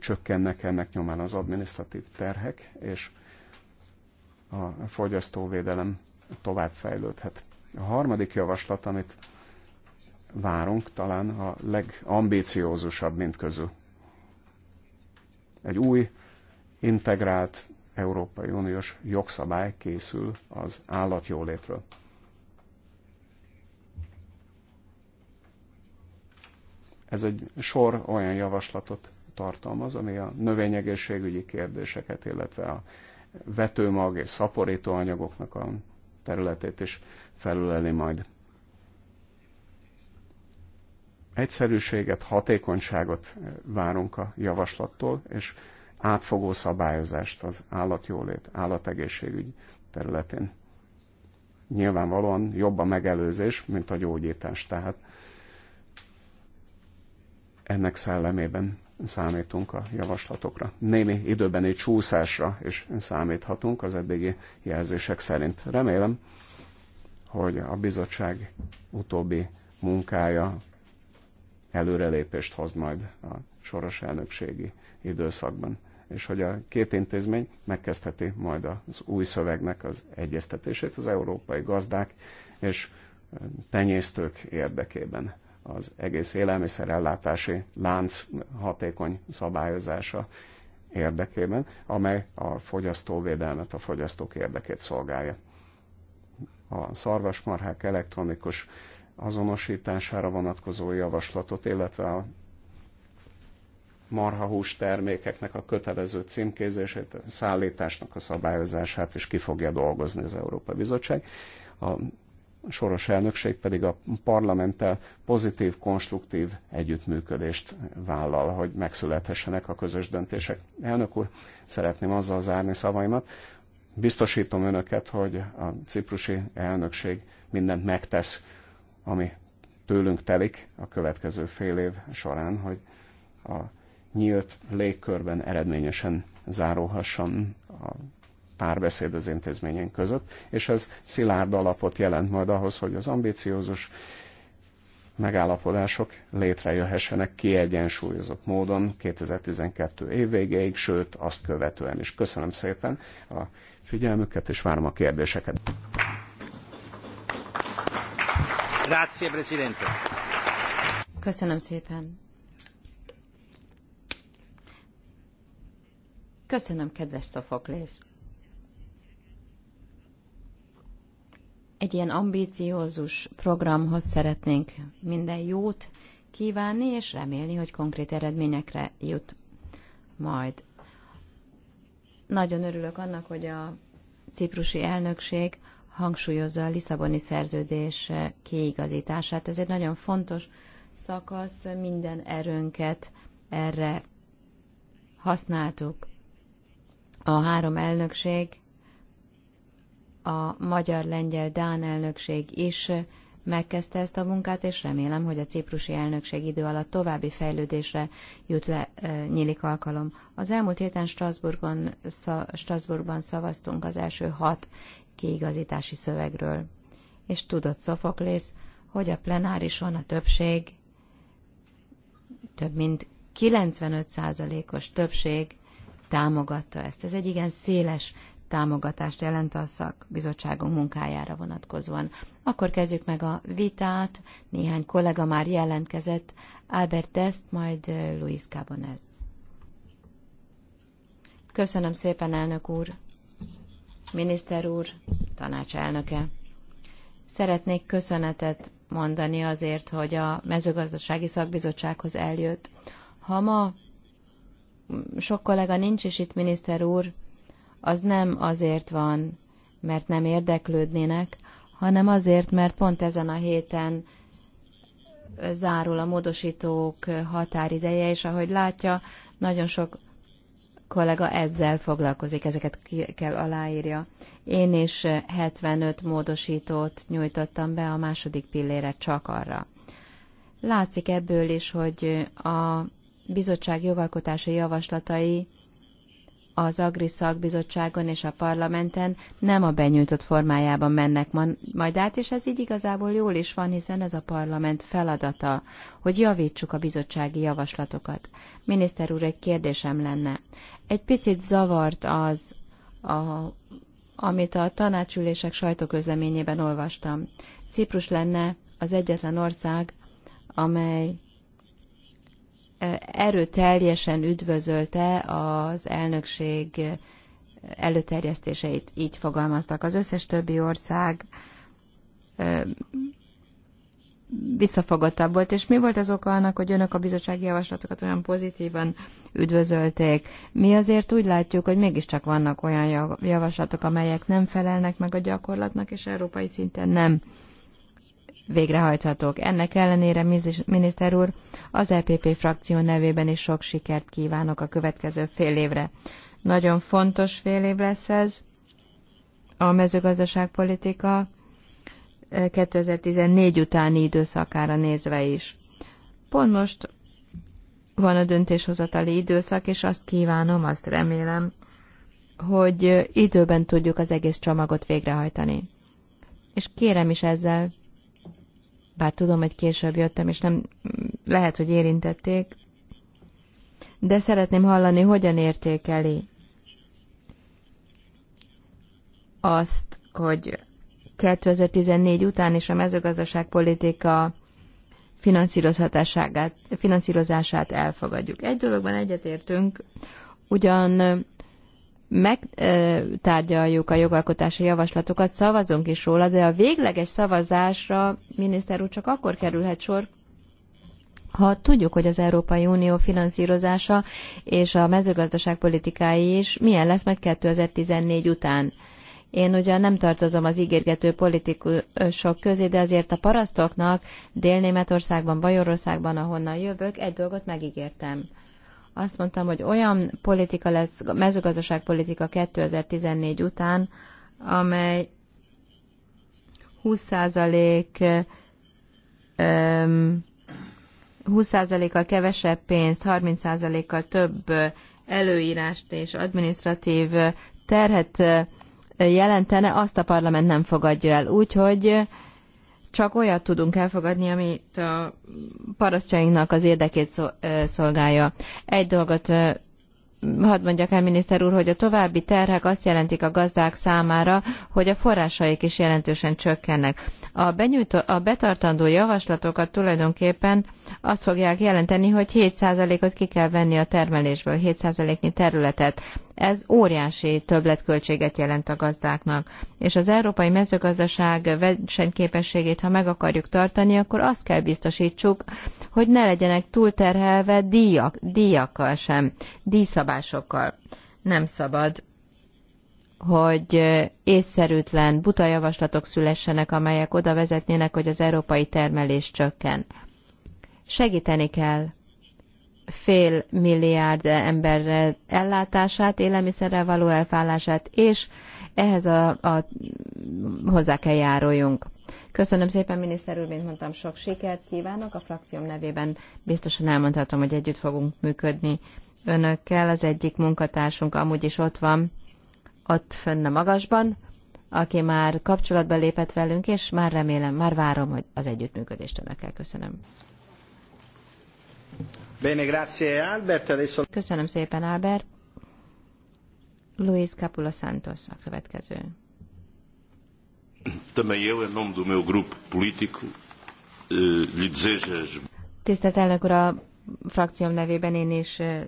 Csökkennek ennek nyomán az adminisztratív terhek, és a fogyasztóvédelem továbbfejlődhet. A harmadik javaslat, amit várunk talán a legambíciózusabb mint közül. Egy új, integrált Európai Uniós jogszabály készül az állatjólétről. Ez egy sor olyan javaslatot tartalmaz, ami a növényegészségügyi kérdéseket, illetve a vetőmag és szaporítóanyagoknak a területét is felüleli majd. Egyszerűséget, hatékonyságot eh, várunk a javaslattól, és átfogó szabályozást az állatjólét, állategészségügy területén. Nyilvánvalóan jobb a megelőzés, mint a gyógyítás, tehát ennek szellemében számítunk a javaslatokra. Némi időben egy csúszásra is számíthatunk az eddigi jelzések szerint. Remélem, hogy a bizottság utóbbi munkája előrelépést hoz majd a soros elnökségi időszakban, és hogy a két intézmény megkezdheti majd az új szövegnek az egyeztetését az európai gazdák és tenyésztők érdekében az egész élelmiszerellátási lánc hatékony szabályozása érdekében, amely a fogyasztóvédelmet, a fogyasztók érdekét szolgálja. A szarvasmarhák elektronikus azonosítására vonatkozó javaslatot, illetve a marhahús termékeknek a kötelező címkézését, szállításnak a szabályozását is ki fogja dolgozni az Európai Bizottság. A soros elnökség pedig a parlamenttel pozitív, konstruktív együttműködést vállal, hogy megszülethessenek a közös döntések. Elnök úr, szeretném azzal zárni szavaimat. Biztosítom önöket, hogy a ciprusi elnökség mindent megtesz ami tőlünk telik a következő fél év során, hogy a nyílt légkörben eredményesen zárulhasson a párbeszéd az intézményen között, és ez szilárd alapot jelent majd ahhoz, hogy az ambiciózus megállapodások létrejöhessenek kiegyensúlyozott módon 2012 év végéig, sőt, azt követően is. Köszönöm szépen a figyelmüket, és várom a kérdéseket. Köszönöm szépen. Köszönöm, kedves Szofoklész. Egy ilyen ambíciózus programhoz szeretnénk minden jót kívánni, és remélni, hogy konkrét eredményekre jut majd. Nagyon örülök annak, hogy a ciprusi elnökség hangsúlyozza a Lisszaboni szerződés kiigazítását. Ez egy nagyon fontos szakasz, minden erőnket erre használtuk. A három elnökség, a magyar, lengyel, dán elnökség is megkezdte ezt a munkát, és remélem, hogy a ciprusi elnökség idő alatt további fejlődésre jut le, e, nyílik alkalom. Az elmúlt héten Strasbourgban, Strasbourgban szavaztunk az első hat kiigazítási szövegről. És tudott Szofoklész, hogy a plenárison a többség, több mint 95%-os többség támogatta ezt. Ez egy igen széles támogatást jelent a szakbizottságunk munkájára vonatkozóan. Akkor kezdjük meg a vitát. Néhány kollega már jelentkezett. Albert Dest, majd eh, Luis Cabonez. Köszönöm szépen, elnök úr! miniszter úr, tanácselnöke. Szeretnék köszönetet mondani azért, hogy a mezőgazdasági szakbizottsághoz eljött. Ha ma sok kollega nincs is itt, miniszter úr, az nem azért van, mert nem érdeklődnének, hanem azért, mert pont ezen a héten zárul a módosítók határideje, és ahogy látja, nagyon sok kollega ezzel foglalkozik, ezeket kell aláírja. Én is 75 módosítót nyújtottam be a második pillére csak arra. Látszik ebből is, hogy a bizottság jogalkotási javaslatai az Agri Szakbizottságon és a parlamenten nem a benyújtott formájában mennek majd át, és ez így igazából jól is van, hiszen ez a parlament feladata, hogy javítsuk a bizottsági javaslatokat. Miniszter úr, egy kérdésem lenne. Egy picit zavart az, a, amit a tanácsülések sajtóközleményében olvastam. Ciprus lenne az egyetlen ország, amely erőteljesen üdvözölte az elnökség előterjesztéseit, így fogalmaztak. Az összes többi ország visszafogottabb volt, és mi volt az oka annak, hogy önök a bizottsági javaslatokat olyan pozitívan üdvözölték? Mi azért úgy látjuk, hogy mégiscsak vannak olyan javaslatok, amelyek nem felelnek meg a gyakorlatnak, és európai szinten nem végrehajthatók. Ennek ellenére, miniszter úr, az EPP frakció nevében is sok sikert kívánok a következő fél évre. Nagyon fontos fél év lesz ez. A mezőgazdaságpolitika 2014 eh, utáni időszakára nézve is. Pont most van a döntéshozatali időszak, és azt kívánom, azt remélem, hogy időben tudjuk az egész csomagot végrehajtani. És kérem is ezzel, bár tudom, hogy később jöttem, és nem lehet, hogy érintették, de szeretném hallani, hogyan értékeli azt, hogy 2014 után is a mezőgazdaságpolitika finanszírozását elfogadjuk. Egy dologban egyetértünk, ugyan megtárgyaljuk a jogalkotási javaslatokat, szavazunk is róla, de a végleges szavazásra miniszter úr csak akkor kerülhet sor, ha tudjuk, hogy az Európai Unió finanszírozása és a mezőgazdaság politikái is milyen lesz meg 2014 után. Én ugyan nem tartozom az ígérgető politikusok közé, de azért a parasztoknak Dél-Németországban, Bajorországban, ahonnan jövök, egy dolgot megígértem – azt mondtam, hogy olyan politika lesz, mezőgazdaságpolitika 2014 után, amely 20% 20%-kal kevesebb pénzt, 30%-kal több előírást és adminisztratív terhet jelentene, azt a parlament nem fogadja el. Úgyhogy csak olyat tudunk elfogadni, amit a parasztjainknak az érdekét szolgálja. Egy dolgot hadd mondjak el, miniszter úr, hogy a további terhek azt jelentik a gazdák számára, hogy a forrásaik is jelentősen csökkennek. A, benyújtó, a betartandó javaslatokat tulajdonképpen azt fogják jelenteni, hogy 7%-ot ki kell venni a termelésből, 7%-nyi területet. Ez óriási többletköltséget jelent a gazdáknak. És az európai mezőgazdaság versenyképességét, ha meg akarjuk tartani, akkor azt kell biztosítsuk, hogy ne legyenek túlterhelve díjak, díjakkal sem, díjszabásokkal. Nem szabad hogy észszerűtlen, buta javaslatok szülessenek, amelyek oda vezetnének, hogy az európai termelés csökken. Segíteni kell fél milliárd ember ellátását, élelmiszerrel való elfállását, és ehhez a, a, hozzá kell járuljunk. Köszönöm szépen, miniszter úr, mint mondtam, sok sikert kívánok. A frakcióm nevében biztosan elmondhatom, hogy együtt fogunk működni önökkel. Az egyik munkatársunk amúgy is ott van, ott fönn a magasban, aki már kapcsolatba lépett velünk, és már remélem, már várom, hogy az együttműködést önökkel. Köszönöm. Bene, grazie Albert. Adesso... Köszönöm szépen, Albert. Luis Capula Santos a következő. Também eu, em nome do meu grupo político, eh, lhe desejo... Tisztelt elnök úr, a frakcióm nevében én is eh,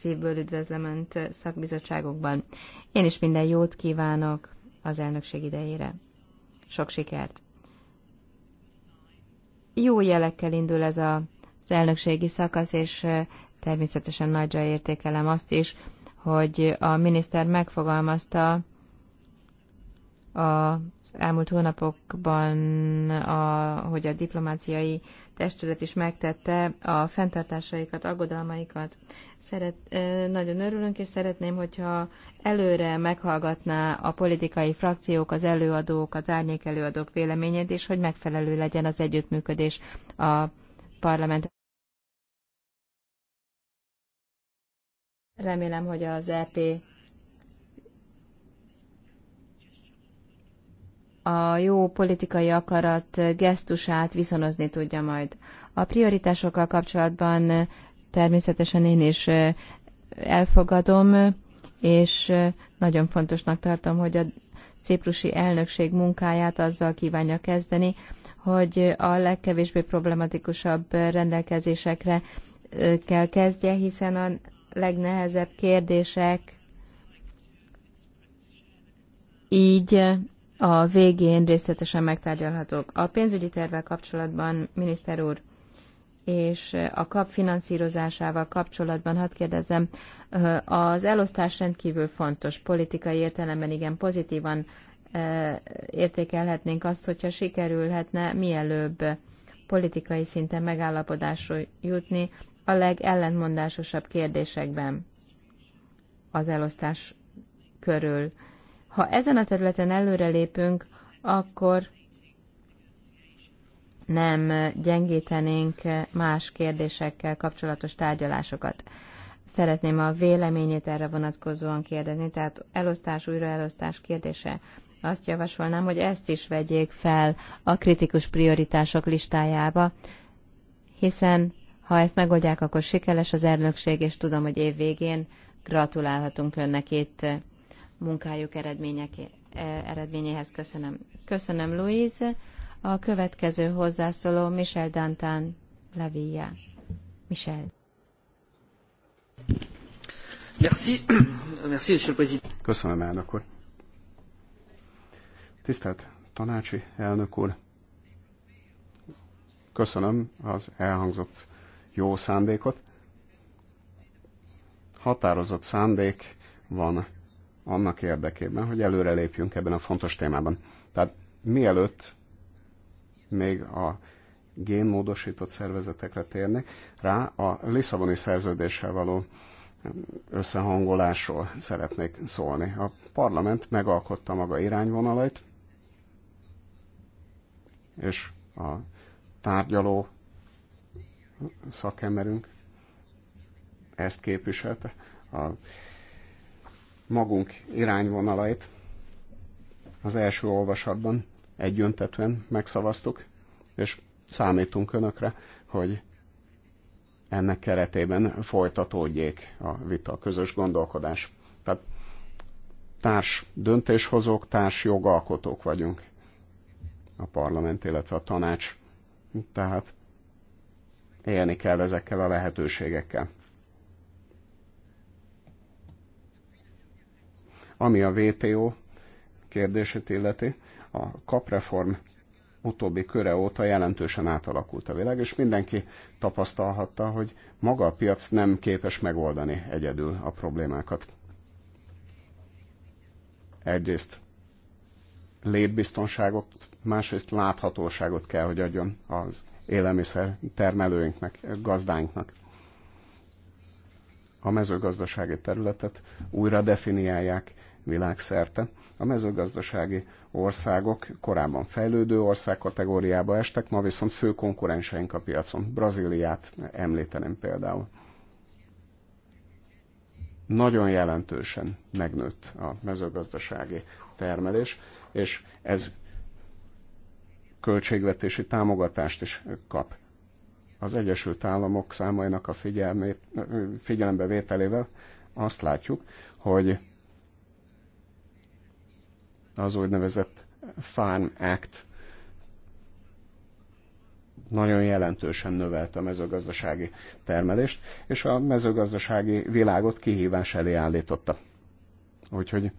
szívből üdvözlöm Önt szakbizottságokban. Én is minden jót kívánok az elnökség idejére. Sok sikert! Jó jelekkel indul ez a, az elnökségi szakasz, és természetesen nagyra értékelem azt is, hogy a miniszter megfogalmazta, az elmúlt hónapokban, a, hogy a diplomáciai testület is megtette a fenntartásaikat, aggodalmaikat. Szeret, nagyon örülünk, és szeretném, hogyha előre meghallgatná a politikai frakciók, az előadók, az árnyék előadók véleményét, és hogy megfelelő legyen az együttműködés a parlament. Remélem, hogy az EP a jó politikai akarat gesztusát viszonozni tudja majd. A prioritásokkal kapcsolatban természetesen én is elfogadom, és nagyon fontosnak tartom, hogy a ciprusi elnökség munkáját azzal kívánja kezdeni, hogy a legkevésbé problematikusabb rendelkezésekre kell kezdje, hiszen a legnehezebb kérdések így a végén részletesen megtárgyalhatók. A pénzügyi tervvel kapcsolatban, miniszter úr, és a kap finanszírozásával kapcsolatban hadd kérdezem, az elosztás rendkívül fontos, politikai értelemben igen pozitívan értékelhetnénk azt, hogyha sikerülhetne mielőbb politikai szinten megállapodásra jutni a legellentmondásosabb kérdésekben az elosztás körül. Ha ezen a területen előrelépünk, akkor nem gyengítenénk más kérdésekkel kapcsolatos tárgyalásokat. Szeretném a véleményét erre vonatkozóan kérdezni, tehát elosztás, újraelosztás kérdése. Azt javasolnám, hogy ezt is vegyék fel a kritikus prioritások listájába, hiszen ha ezt megoldják, akkor sikeres az elnökség, és tudom, hogy év végén gratulálhatunk önnek itt munkájuk eredményéhez. Köszönöm. Köszönöm, Louise. A következő hozzászóló Michel Dantán Lavilla. Michel. Merci. <coughs> Merci, monsieur le président. Köszönöm, elnök úr. Tisztelt tanácsi elnök úr, köszönöm az elhangzott jó szándékot. Határozott szándék van annak érdekében, hogy előrelépjünk ebben a fontos témában. Tehát mielőtt még a génmódosított szervezetekre térnek rá, a Lisszaboni szerződéssel való összehangolásról szeretnék szólni. A parlament megalkotta maga irányvonalait, és a tárgyaló szakemberünk ezt képviselte, a magunk irányvonalait az első olvasatban egyöntetően megszavaztuk, és számítunk önökre, hogy ennek keretében folytatódjék a vita, a közös gondolkodás. Tehát társ döntéshozók, társ jogalkotók vagyunk a parlament, illetve a tanács. Tehát élni kell ezekkel a lehetőségekkel. Ami a VTO kérdését illeti, a kapreform utóbbi köre óta jelentősen átalakult a világ, és mindenki tapasztalhatta, hogy maga a piac nem képes megoldani egyedül a problémákat. Egyrészt létbiztonságot, másrészt láthatóságot kell, hogy adjon az élelmiszer termelőinknek, gazdáinknak. A mezőgazdasági területet újra definiálják világszerte, a mezőgazdasági országok korábban fejlődő ország kategóriába estek, ma viszont fő konkurenseink a piacon. Brazíliát említeném például. Nagyon jelentősen megnőtt a mezőgazdasági termelés, és ez költségvetési támogatást is kap. Az Egyesült Államok számainak a figyelembe vételével azt látjuk, hogy az úgynevezett Farm Act nagyon jelentősen növelte a mezőgazdasági termelést, és a mezőgazdasági világot kihívás elé állította. Úgyhogy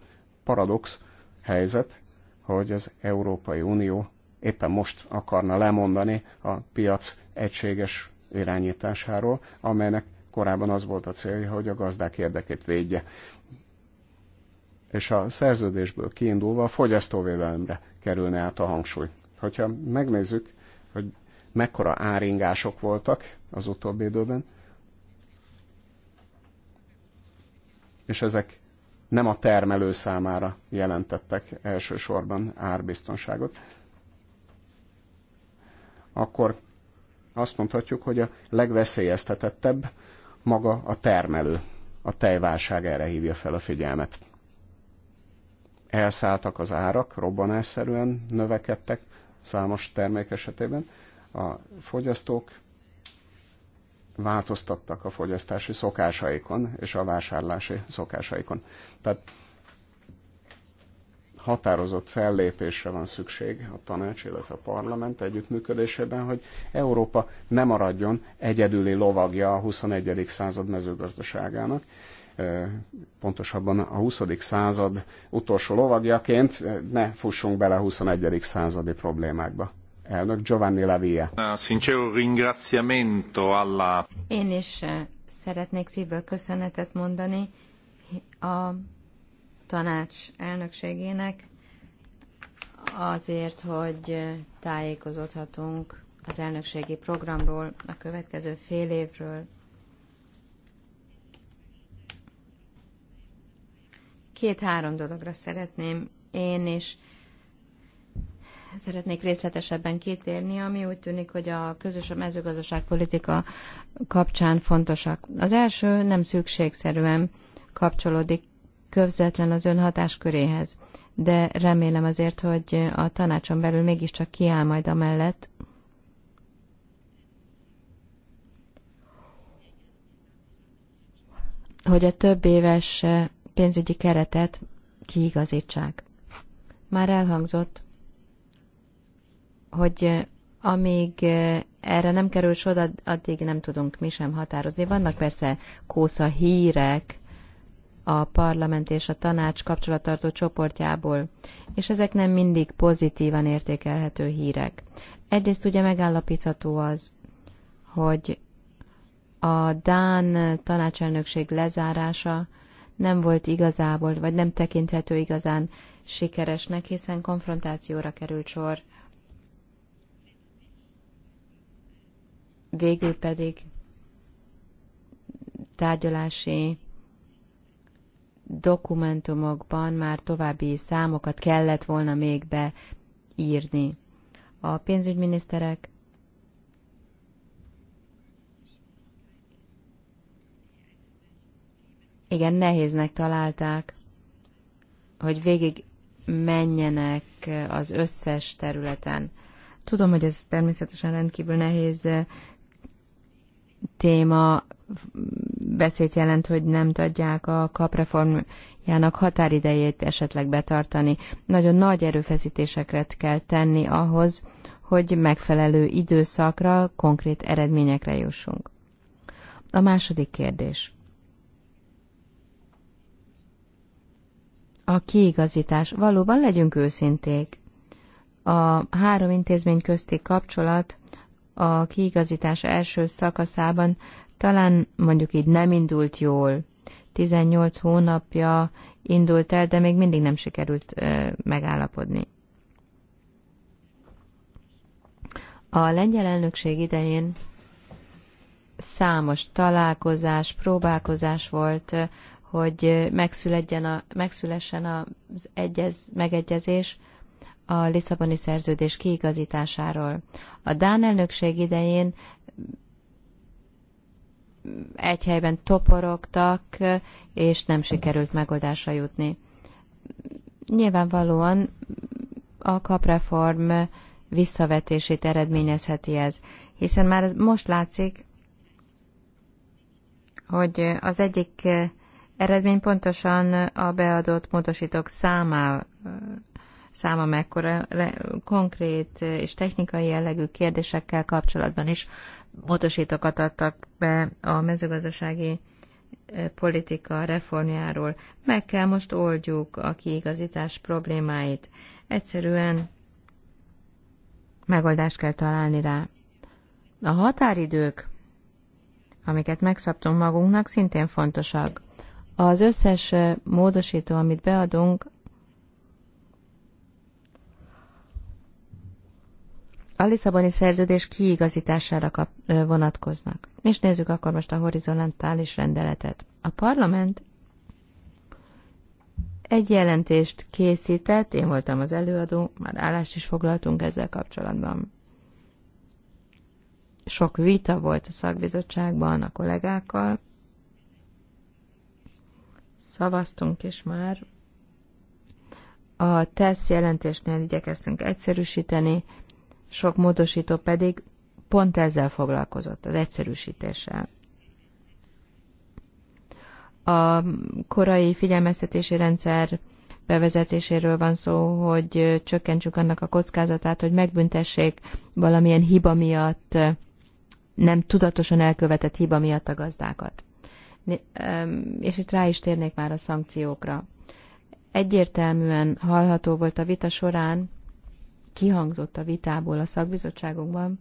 paradox helyzet, hogy az Európai Unió éppen most akarna lemondani a piac egységes irányításáról, amelynek korábban az volt a célja, hogy a gazdák érdekét védje és a szerződésből kiindulva a fogyasztóvédelemre kerülne át a hangsúly. Hogyha megnézzük, hogy mekkora áringások voltak az utóbbi időben, és ezek nem a termelő számára jelentettek elsősorban árbiztonságot, akkor azt mondhatjuk, hogy a legveszélyeztetettebb maga a termelő. A tejválság erre hívja fel a figyelmet elszálltak az árak, robbanásszerűen növekedtek számos termék esetében, a fogyasztók változtattak a fogyasztási szokásaikon és a vásárlási szokásaikon. Tehát határozott fellépésre van szükség a tanács, illetve a parlament együttműködésében, hogy Európa ne maradjon egyedüli lovagja a 21. század mezőgazdaságának, pontosabban a 20. század utolsó lovagjaként ne fussunk bele a 21. századi problémákba. Elnök Giovanni Lavia. Ah, sincero ringraziamento alla... Én is szeretnék szívből köszönetet mondani a tanács elnökségének azért, hogy tájékozódhatunk az elnökségi programról, a következő fél évről, Két-három dologra szeretném én is szeretnék részletesebben kitérni, ami úgy tűnik, hogy a közös a mezőgazdaságpolitika kapcsán fontosak. Az első nem szükségszerűen kapcsolódik közvetlen az ön hatásköréhez, de remélem azért, hogy a tanácson belül mégiscsak kiáll majd a mellett, hogy a több éves pénzügyi keretet kiigazítsák. Már elhangzott, hogy eh, amíg eh, erre nem kerül sor, addig nem tudunk mi sem határozni. Vannak persze kósza hírek a parlament és a tanács kapcsolattartó csoportjából, és ezek nem mindig pozitívan értékelhető hírek. Egyrészt ugye megállapítható az, hogy a Dán tanácselnökség lezárása nem volt igazából, vagy nem tekinthető igazán sikeresnek, hiszen konfrontációra került sor. Végül pedig tárgyalási dokumentumokban már további számokat kellett volna még beírni. A pénzügyminiszterek igen, nehéznek találták, hogy végig menjenek az összes területen. Tudom, hogy ez természetesen rendkívül nehéz téma, beszéd jelent, hogy nem tudják a kapreformjának határidejét esetleg betartani. Nagyon nagy erőfeszítéseket kell tenni ahhoz, hogy megfelelő időszakra konkrét eredményekre jussunk. A második kérdés. a kiigazítás. Valóban legyünk őszinték. A három intézmény közti kapcsolat a kiigazítás első szakaszában talán mondjuk így nem indult jól. 18 hónapja indult el, de még mindig nem sikerült ö, megállapodni. A lengyel elnökség idején számos találkozás, próbálkozás volt hogy megszüledjen a, megszülessen az egyez, megegyezés a Lisszaboni szerződés kiigazításáról. A Dán elnökség idején egy helyben toporogtak, és nem sikerült megoldásra jutni. Nyilvánvalóan a kapreform visszavetését eredményezheti ez, hiszen már most látszik, hogy az egyik eredmény pontosan a beadott módosítók száma, száma mekkora konkrét és technikai jellegű kérdésekkel kapcsolatban is módosítókat adtak be a mezőgazdasági eh, politika reformjáról. Meg kell most oldjuk a kiigazítás problémáit. Egyszerűen megoldást kell találni rá. A határidők, amiket megszabtunk magunknak, szintén fontosak. Az összes módosító, amit beadunk, a Lisszaboni szerződés kiigazítására kap, vonatkoznak. És nézzük akkor most a horizontális rendeletet. A parlament egy jelentést készített, én voltam az előadó, már állást is foglaltunk ezzel kapcsolatban. Sok vita volt a szakbizottságban a kollégákkal, szavaztunk, és már a TESZ jelentésnél igyekeztünk egyszerűsíteni, sok módosító pedig pont ezzel foglalkozott, az egyszerűsítéssel. A korai figyelmeztetési rendszer bevezetéséről van szó, hogy csökkentsük annak a kockázatát, hogy megbüntessék valamilyen hiba miatt, nem tudatosan elkövetett hiba miatt a gazdákat és itt rá is térnék már a szankciókra. Egyértelműen hallható volt a vita során, kihangzott a vitából a szakbizottságunkban,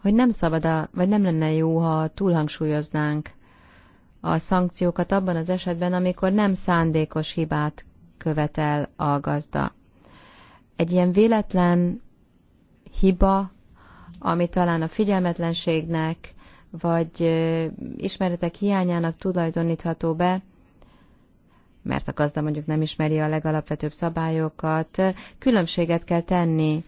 hogy nem szabad, a, vagy nem lenne jó, ha túlhangsúlyoznánk a szankciókat abban az esetben, amikor nem szándékos hibát követel a gazda. Egy ilyen véletlen hiba, ami talán a figyelmetlenségnek, vagy ismeretek hiányának tulajdonítható be, mert a gazda mondjuk nem ismeri a legalapvetőbb szabályokat, különbséget kell tenni,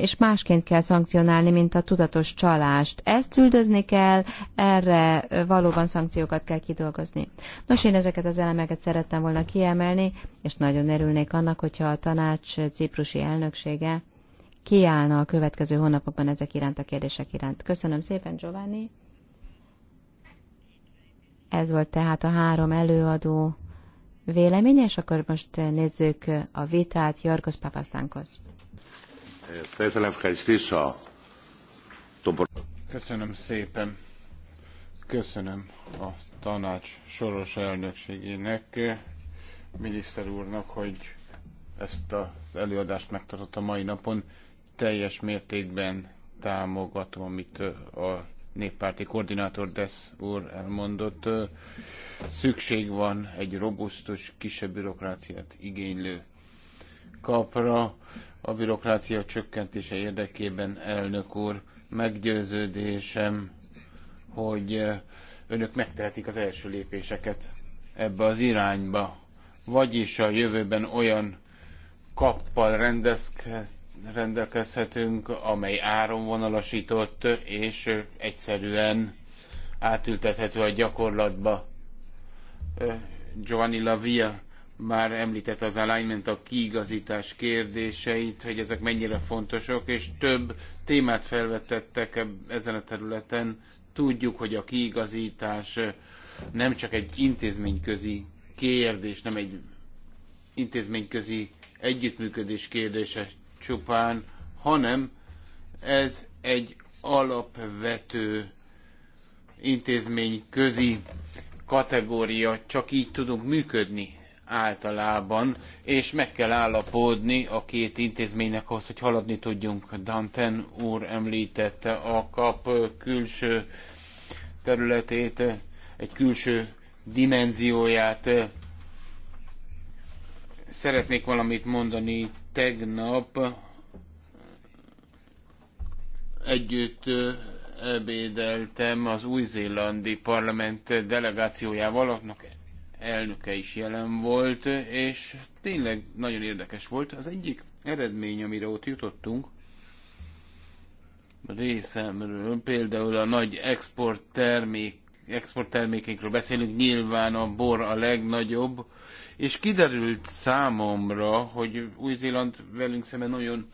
és másként kell szankcionálni, mint a tudatos csalást. Ezt üldözni kell, erre valóban szankciókat kell kidolgozni. Nos, én ezeket az elemeket szerettem volna kiemelni, és nagyon örülnék annak, hogyha a tanács ciprusi elnöksége kiállna a következő hónapokban ezek iránt a kérdések iránt. Köszönöm szépen, Giovanni! Ez volt tehát a három előadó véleménye, és akkor most eh, nézzük eh, a vitát Jorgos Papasztánkhoz. Köszönöm szépen. Köszönöm a tanács soros elnökségének, miniszter úrnak, hogy ezt az előadást megtartott a mai napon. Teljes mértékben támogatom, amit eh, a néppárti koordinátor Desz úr elmondott, szükség van egy robusztus, kisebb bürokráciát igénylő kapra a bürokrácia csökkentése érdekében, elnök úr, meggyőződésem, hogy önök megtehetik az első lépéseket ebbe az irányba. Vagyis a jövőben olyan kappal rendezkedhet, rendelkezhetünk, amely áronvonalasított és egyszerűen átültethető a gyakorlatba. Giovanni Lavia már említett az alignment, a kiigazítás kérdéseit, hogy ezek mennyire fontosak, és több témát felvetettek ezen a területen. Tudjuk, hogy a kiigazítás nem csak egy intézményközi kérdés, nem egy intézményközi együttműködés kérdése csupán, hanem ez egy alapvető intézmény közi kategória, csak így tudunk működni általában, és meg kell állapodni a két intézménynek ahhoz, hogy haladni tudjunk. Danten úr említette a kap külső területét, egy külső dimenzióját. Szeretnék valamit mondani tegnap együtt ebédeltem az új-zélandi parlament delegációjával, annak elnöke is jelen volt, és tényleg nagyon érdekes volt. Az egyik eredmény, amire ott jutottunk, részemről például a nagy export termék exporttermékekről beszélünk, nyilván a bor a legnagyobb, és kiderült számomra, hogy Új-Zéland velünk szemben nagyon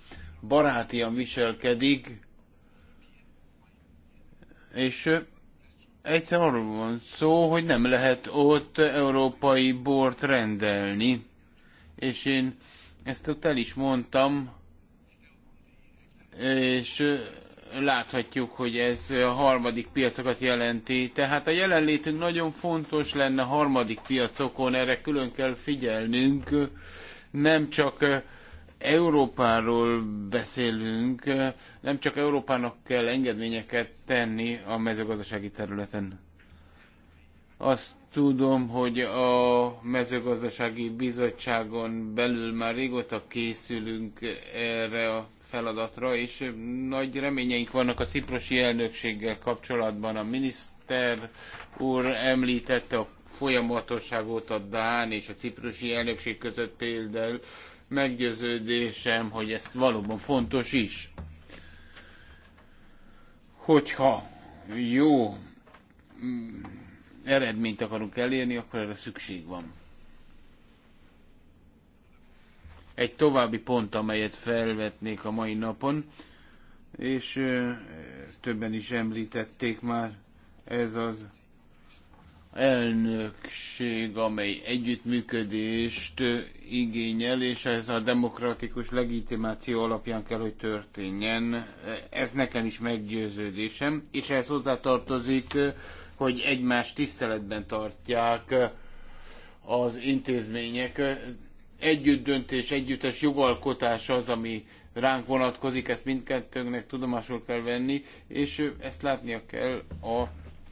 barátian viselkedik, és egyszer arról van szó, hogy nem lehet ott európai bort rendelni. És én ezt ott el is mondtam, és láthatjuk, hogy ez a harmadik piacokat jelenti. Tehát a jelenlétünk nagyon fontos lenne a harmadik piacokon, erre külön kell figyelnünk. Nem csak eh, Európáról beszélünk, eh, nem csak Európának kell engedményeket tenni a mezőgazdasági területen. Azt tudom, hogy a mezőgazdasági bizottságon belül már régóta készülünk erre a feladatra, és nagy reményeink vannak a ciprosi elnökséggel kapcsolatban. A miniszter úr említette a folyamatosságot a Dán és a ciprusi elnökség között például. Meggyőződésem, hogy ez valóban fontos is. Hogyha jó mm, eredményt akarunk elérni, akkor erre szükség van. egy további pont, amelyet felvetnék a mai napon, és többen is említették már, ez az elnökség, amely együttműködést igényel, és ez a demokratikus legitimáció alapján kell, hogy történjen. Ez nekem is meggyőződésem, és ehhez hozzátartozik, hogy egymást tiszteletben tartják az intézmények, együttdöntés, együttes jogalkotás az, ami ránk vonatkozik, ezt mindkettőnknek tudomásul kell venni, és ezt látnia kell a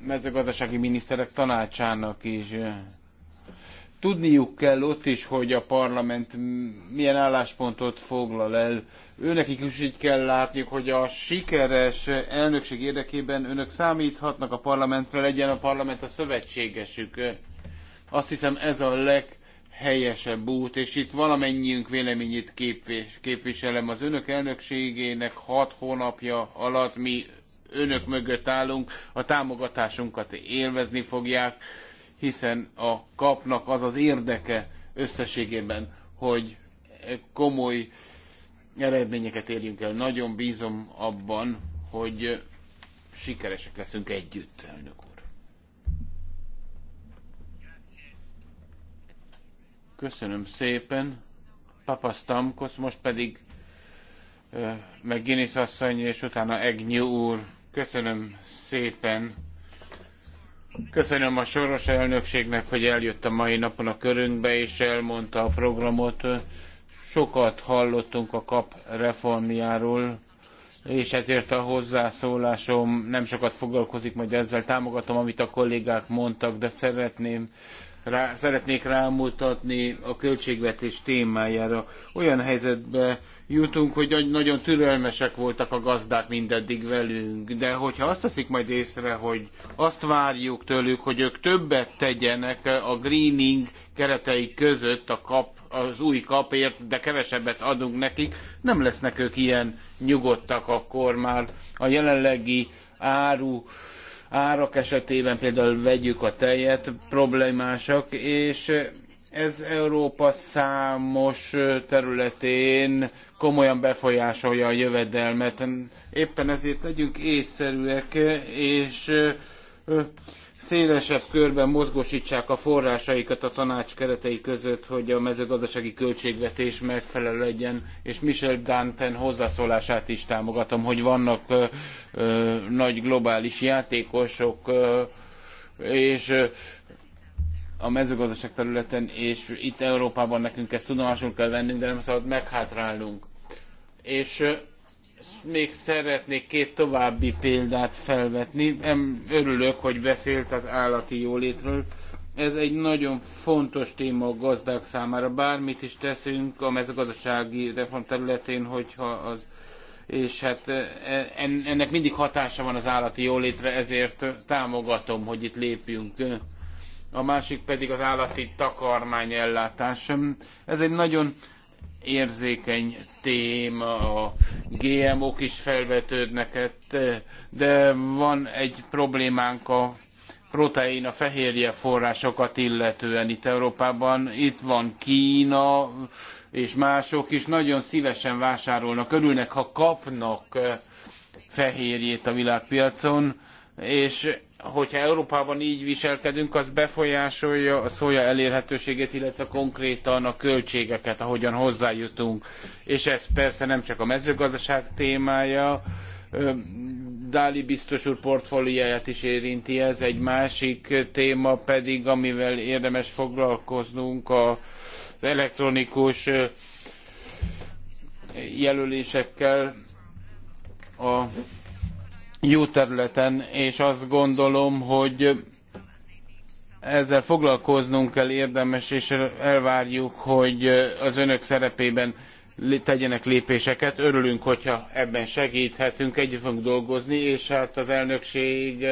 mezőgazdasági miniszterek tanácsának is. Tudniuk kell ott is, hogy a parlament milyen álláspontot foglal el. Őnekik is így kell látniuk, hogy a sikeres elnökség érdekében önök számíthatnak a parlamentre, legyen a parlament a szövetségesük. Azt hiszem ez a leg helyesebb út, és itt valamennyiünk véleményét képviselem. Az önök elnökségének hat hónapja alatt mi önök mögött állunk, a támogatásunkat élvezni fogják, hiszen a kapnak az az érdeke összességében, hogy komoly eredményeket érjünk el. Nagyon bízom abban, hogy sikeresek leszünk együtt, elnök úr. Köszönöm szépen. Stamkos most pedig meg Guinness asszony, és utána Egnyú úr. Köszönöm szépen. Köszönöm a soros elnökségnek, hogy eljött a mai napon a körünkbe, és elmondta a programot. Sokat hallottunk a kap reformjáról, és ezért a hozzászólásom nem sokat foglalkozik majd ezzel. Támogatom, amit a kollégák mondtak, de szeretném rá, szeretnék rámutatni a költségvetés témájára. Olyan helyzetbe jutunk, hogy nagyon türelmesek voltak a gazdák mindeddig velünk, de hogyha azt teszik majd észre, hogy azt várjuk tőlük, hogy ők többet tegyenek a greening keretei között a kap, az új kapért, de kevesebbet adunk nekik, nem lesznek ők ilyen nyugodtak akkor már a jelenlegi áru árak esetében például vegyük a tejet, problémásak, és ez Európa számos területén komolyan befolyásolja a jövedelmet. Éppen ezért legyünk észszerűek, és szélesebb körben mozgósítsák a forrásaikat a tanács keretei között, hogy a mezőgazdasági költségvetés megfelelő legyen, és Michel Danten hozzászólását is támogatom, hogy vannak ö, ö, nagy globális játékosok, ö, és a mezőgazdaság területen, és itt Európában nekünk ezt tudomásul kell vennünk, de nem szabad meghátrálnunk. És még szeretnék két további példát felvetni. Örülök, hogy beszélt az állati jólétről. Ez egy nagyon fontos téma a gazdák számára. Bármit is teszünk a mezőgazdasági reform területén, hogyha az és hát e, ennek mindig hatása van az állati jólétre, ezért támogatom, hogy itt lépjünk. A másik pedig az állati takarmány ellátás. Ez egy nagyon érzékeny téma, a GMO-k is felvetődnek, de van egy problémánk a protein, a fehérje forrásokat illetően itt Európában. Itt van Kína, és mások is nagyon szívesen vásárolnak, örülnek, ha kapnak fehérjét a világpiacon, és hogyha Európában így viselkedünk, az befolyásolja a szója elérhetőségét, illetve konkrétan a költségeket, ahogyan hozzájutunk. És ez persze nem csak a mezőgazdaság témája, Dáli biztos úr portfólióját is érinti ez. Egy másik téma pedig, amivel érdemes foglalkoznunk, az elektronikus jelölésekkel a jó területen, és azt gondolom, hogy ezzel foglalkoznunk kell érdemes, és elvárjuk, hogy az önök szerepében tegyenek lépéseket. Örülünk, hogyha ebben segíthetünk, együtt fogunk dolgozni, és hát az elnökség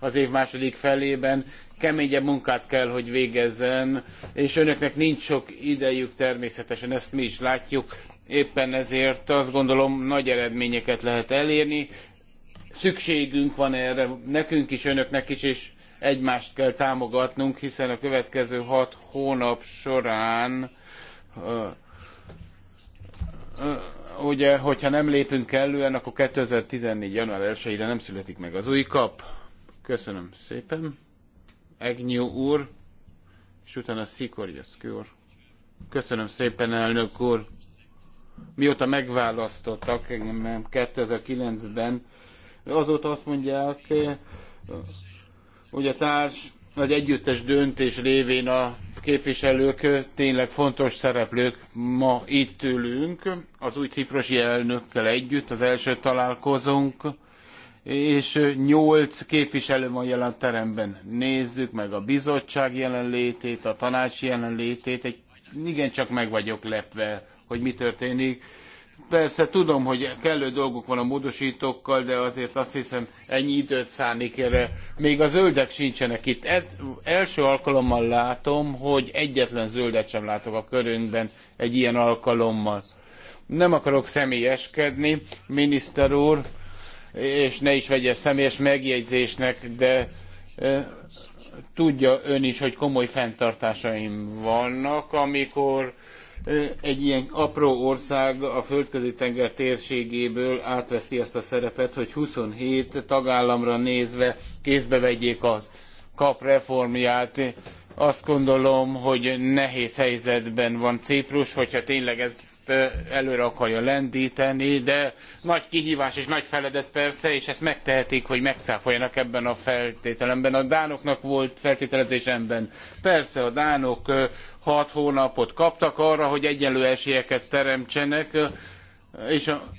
az év második felében keményebb munkát kell, hogy végezzen, és önöknek nincs sok idejük természetesen, ezt mi is látjuk. Éppen ezért azt gondolom nagy eredményeket lehet elérni, Szükségünk van erre, nekünk is, önöknek is, és egymást kell támogatnunk, hiszen a következő hat hónap során ugye, hogyha nem lépünk elően, akkor 2014. január 1-ére nem születik meg az új kap. Köszönöm szépen. Egnyú úr, és utána Szikorjaszki úr. Köszönöm szépen, elnök úr. Mióta megválasztottak engem 2009-ben, Azóta azt mondják, hogy a társ vagy együttes döntés révén a képviselők tényleg fontos szereplők. Ma itt ülünk, az új ciprusi elnökkel együtt, az első találkozónk, és nyolc képviselő van jelen teremben. Nézzük meg a bizottság jelenlétét, a tanács jelenlétét, egy, igencsak meg vagyok lepve, hogy mi történik Persze tudom, hogy kellő dolguk van a módostókkal de azért azt hiszem ennyi időt szánni erre. Még a zöldek sincsenek itt. Ez, első alkalommal látom, hogy egyetlen zöldet sem látok a körünkben egy ilyen alkalommal. Nem akarok személyeskedni, miniszter úr, és ne is vegye személyes megjegyzésnek, de tudja ön is, hogy komoly fenntartásaim vannak, amikor egy ilyen apró ország a földközi tenger térségéből átveszi ezt a szerepet, hogy 27 tagállamra nézve kézbe vegyék az kap reformját, azt gondolom, hogy nehéz helyzetben van Ciprus, hogyha tényleg ezt eh, előre akarja lendíteni, de nagy kihívás és nagy feladat persze, és ezt megtehetik, hogy megcáfoljanak ebben a feltételemben. A dánoknak volt feltételezésemben. Persze a dánok eh, hat hónapot kaptak arra, hogy egyenlő esélyeket teremtsenek, eh, és a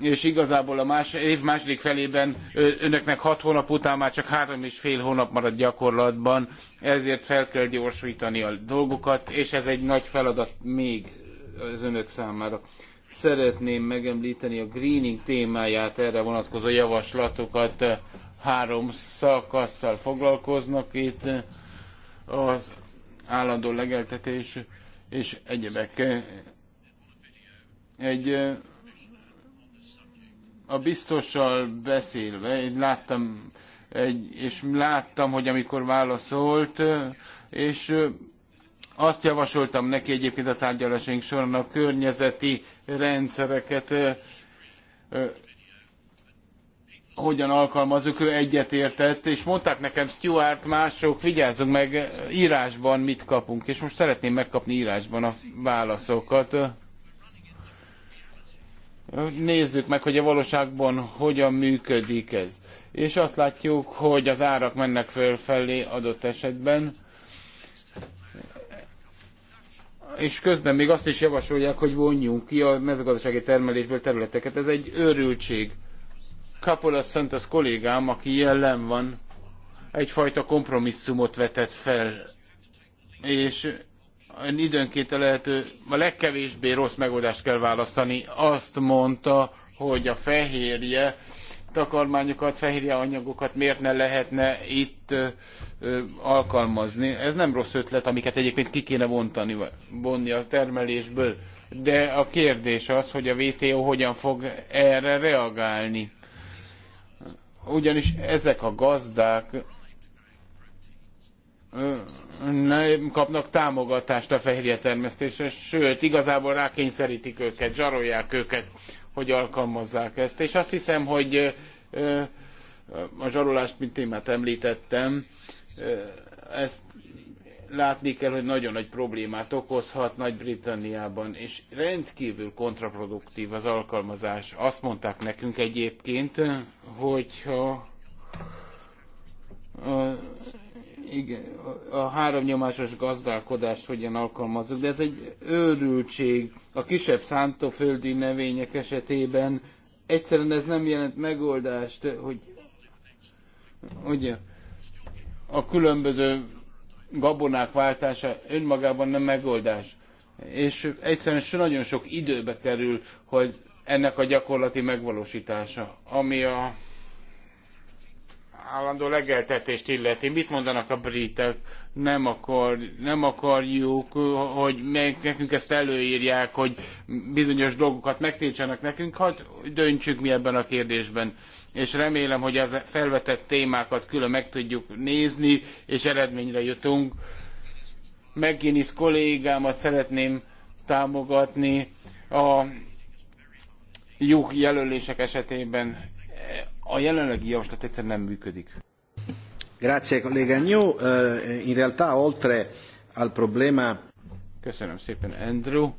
és igazából a más, év második felében önöknek hat hónap után már csak három és fél hónap marad gyakorlatban, ezért fel kell gyorsítani a dolgokat, és ez egy nagy feladat még az önök számára. Szeretném megemlíteni a greening témáját, erre vonatkozó javaslatokat három szakasszal foglalkoznak itt, az állandó legeltetés és egyebek. Egy a biztossal beszélve, én láttam, egy, és láttam, hogy amikor válaszolt, és azt javasoltam neki egyébként a tárgyalásaink során a környezeti rendszereket hogyan alkalmazok, ő egyetértett, és mondták nekem, Stuart, mások, vigyázzunk meg, írásban mit kapunk, és most szeretném megkapni írásban a válaszokat nézzük meg, hogy a valóságban hogyan működik ez. És azt látjuk, hogy az árak mennek fölfelé adott esetben, és közben még azt is javasolják, hogy vonjunk ki a mezőgazdasági termelésből területeket. Ez egy őrültség. Kapola Santos kollégám, aki jelen van, egyfajta kompromisszumot vetett fel, és időnként a lehető, a legkevésbé rossz megoldást kell választani. Azt mondta, hogy a fehérje takarmányokat, fehérje anyagokat miért ne lehetne itt ö, alkalmazni. Ez nem rossz ötlet, amiket egyébként ki kéne vontani, vonni a termelésből. De a kérdés az, hogy a WTO hogyan fog erre reagálni. Ugyanis ezek a gazdák nem kapnak támogatást a fehérje termesztésre, sőt, igazából rákényszerítik őket, zsarolják őket, hogy alkalmazzák ezt. És azt hiszem, hogy a zsarolást, mint témát említettem, ezt látni kell, hogy nagyon nagy problémát okozhat Nagy-Britanniában, és rendkívül kontraproduktív az alkalmazás. Azt mondták nekünk egyébként, hogyha igen, a háromnyomásos gazdálkodást hogyan alkalmazzuk, de ez egy őrültség a kisebb szántóföldi növények esetében. Egyszerűen ez nem jelent megoldást, hogy ugye, a különböző gabonák váltása önmagában nem megoldás. És egyszerűen nagyon sok időbe kerül, hogy ennek a gyakorlati megvalósítása, ami a állandó legeltetést illeti. Mit mondanak a britek? Nem, akar, nem akarjuk, hogy meg, nekünk ezt előírják, hogy bizonyos dolgokat megtiltsanak nekünk, hát döntsük mi ebben a kérdésben. És remélem, hogy ez felvetett témákat külön meg tudjuk nézni, és eredményre jutunk. McGinnis kollégámat szeretném támogatni a juh jelölések esetében a jelenlegi javaslat egyszerűen nem működik. Grazie, collega New. Eh, in realtà, oltre al problema... Köszönöm szépen, Andrew.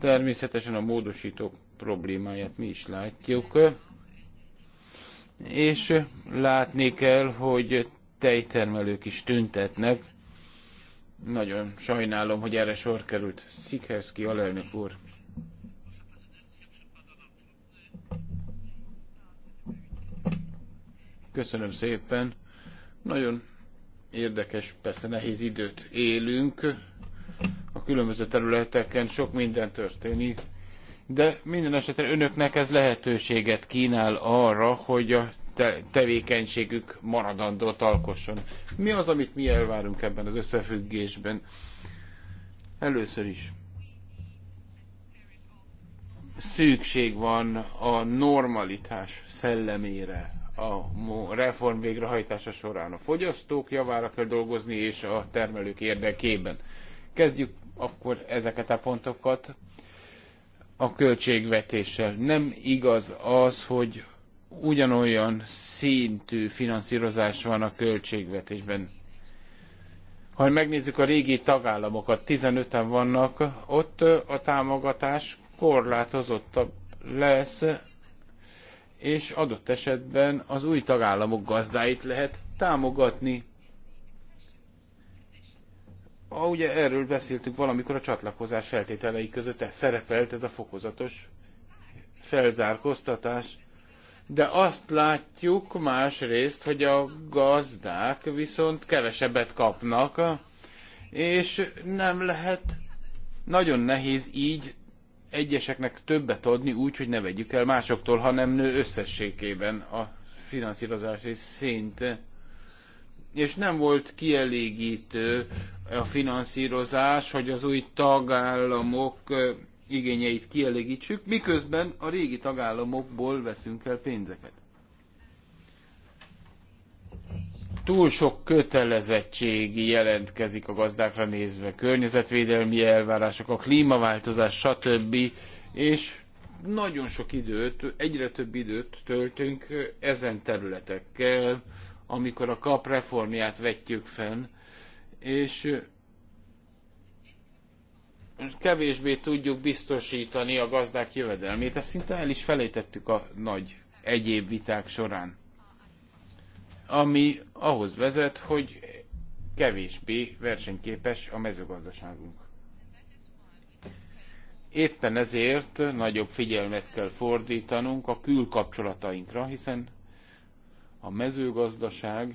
Természetesen a módosítók problémáját mi is látjuk. És látni kell, hogy tejtermelők is tüntetnek. Nagyon sajnálom, hogy erre sor került. Szikerszki alelnök úr. Köszönöm szépen. Nagyon érdekes, persze nehéz időt élünk. A különböző területeken sok minden történik. De minden esetre önöknek ez lehetőséget kínál arra, hogy a te- tevékenységük maradandót alkosson. Mi az, amit mi elvárunk ebben az összefüggésben? Először is szükség van a normalitás szellemére a reform végrehajtása során a fogyasztók javára kell dolgozni, és a termelők érdekében. Kezdjük akkor ezeket a pontokat a költségvetéssel. Nem igaz az, hogy ugyanolyan szintű finanszírozás van a költségvetésben. Ha megnézzük a régi tagállamokat, 15-en vannak, ott a támogatás korlátozottabb lesz, és adott esetben az új tagállamok gazdáit lehet támogatni. Ah, ugye erről beszéltünk valamikor a csatlakozás feltételei között ez szerepelt ez a fokozatos felzárkóztatás, de azt látjuk másrészt, hogy a gazdák viszont kevesebbet kapnak, és nem lehet, nagyon nehéz így egyeseknek többet adni úgy, hogy ne vegyük el másoktól, hanem nő összességében a finanszírozási szint. És nem volt kielégítő a finanszírozás, hogy az új tagállamok igényeit kielégítsük, miközben a régi tagállamokból veszünk el pénzeket. túl sok kötelezettség jelentkezik a gazdákra nézve, környezetvédelmi elvárások, a klímaváltozás, stb. És nagyon sok időt, egyre több időt töltünk ezen területekkel, amikor a kap reformját vetjük fenn, és kevésbé tudjuk biztosítani a gazdák jövedelmét. Ezt szinte el is felejtettük a nagy egyéb viták során ami ahhoz vezet, hogy kevésbé versenyképes a mezőgazdaságunk. Éppen ezért nagyobb figyelmet kell fordítanunk a külkapcsolatainkra, hiszen a mezőgazdaság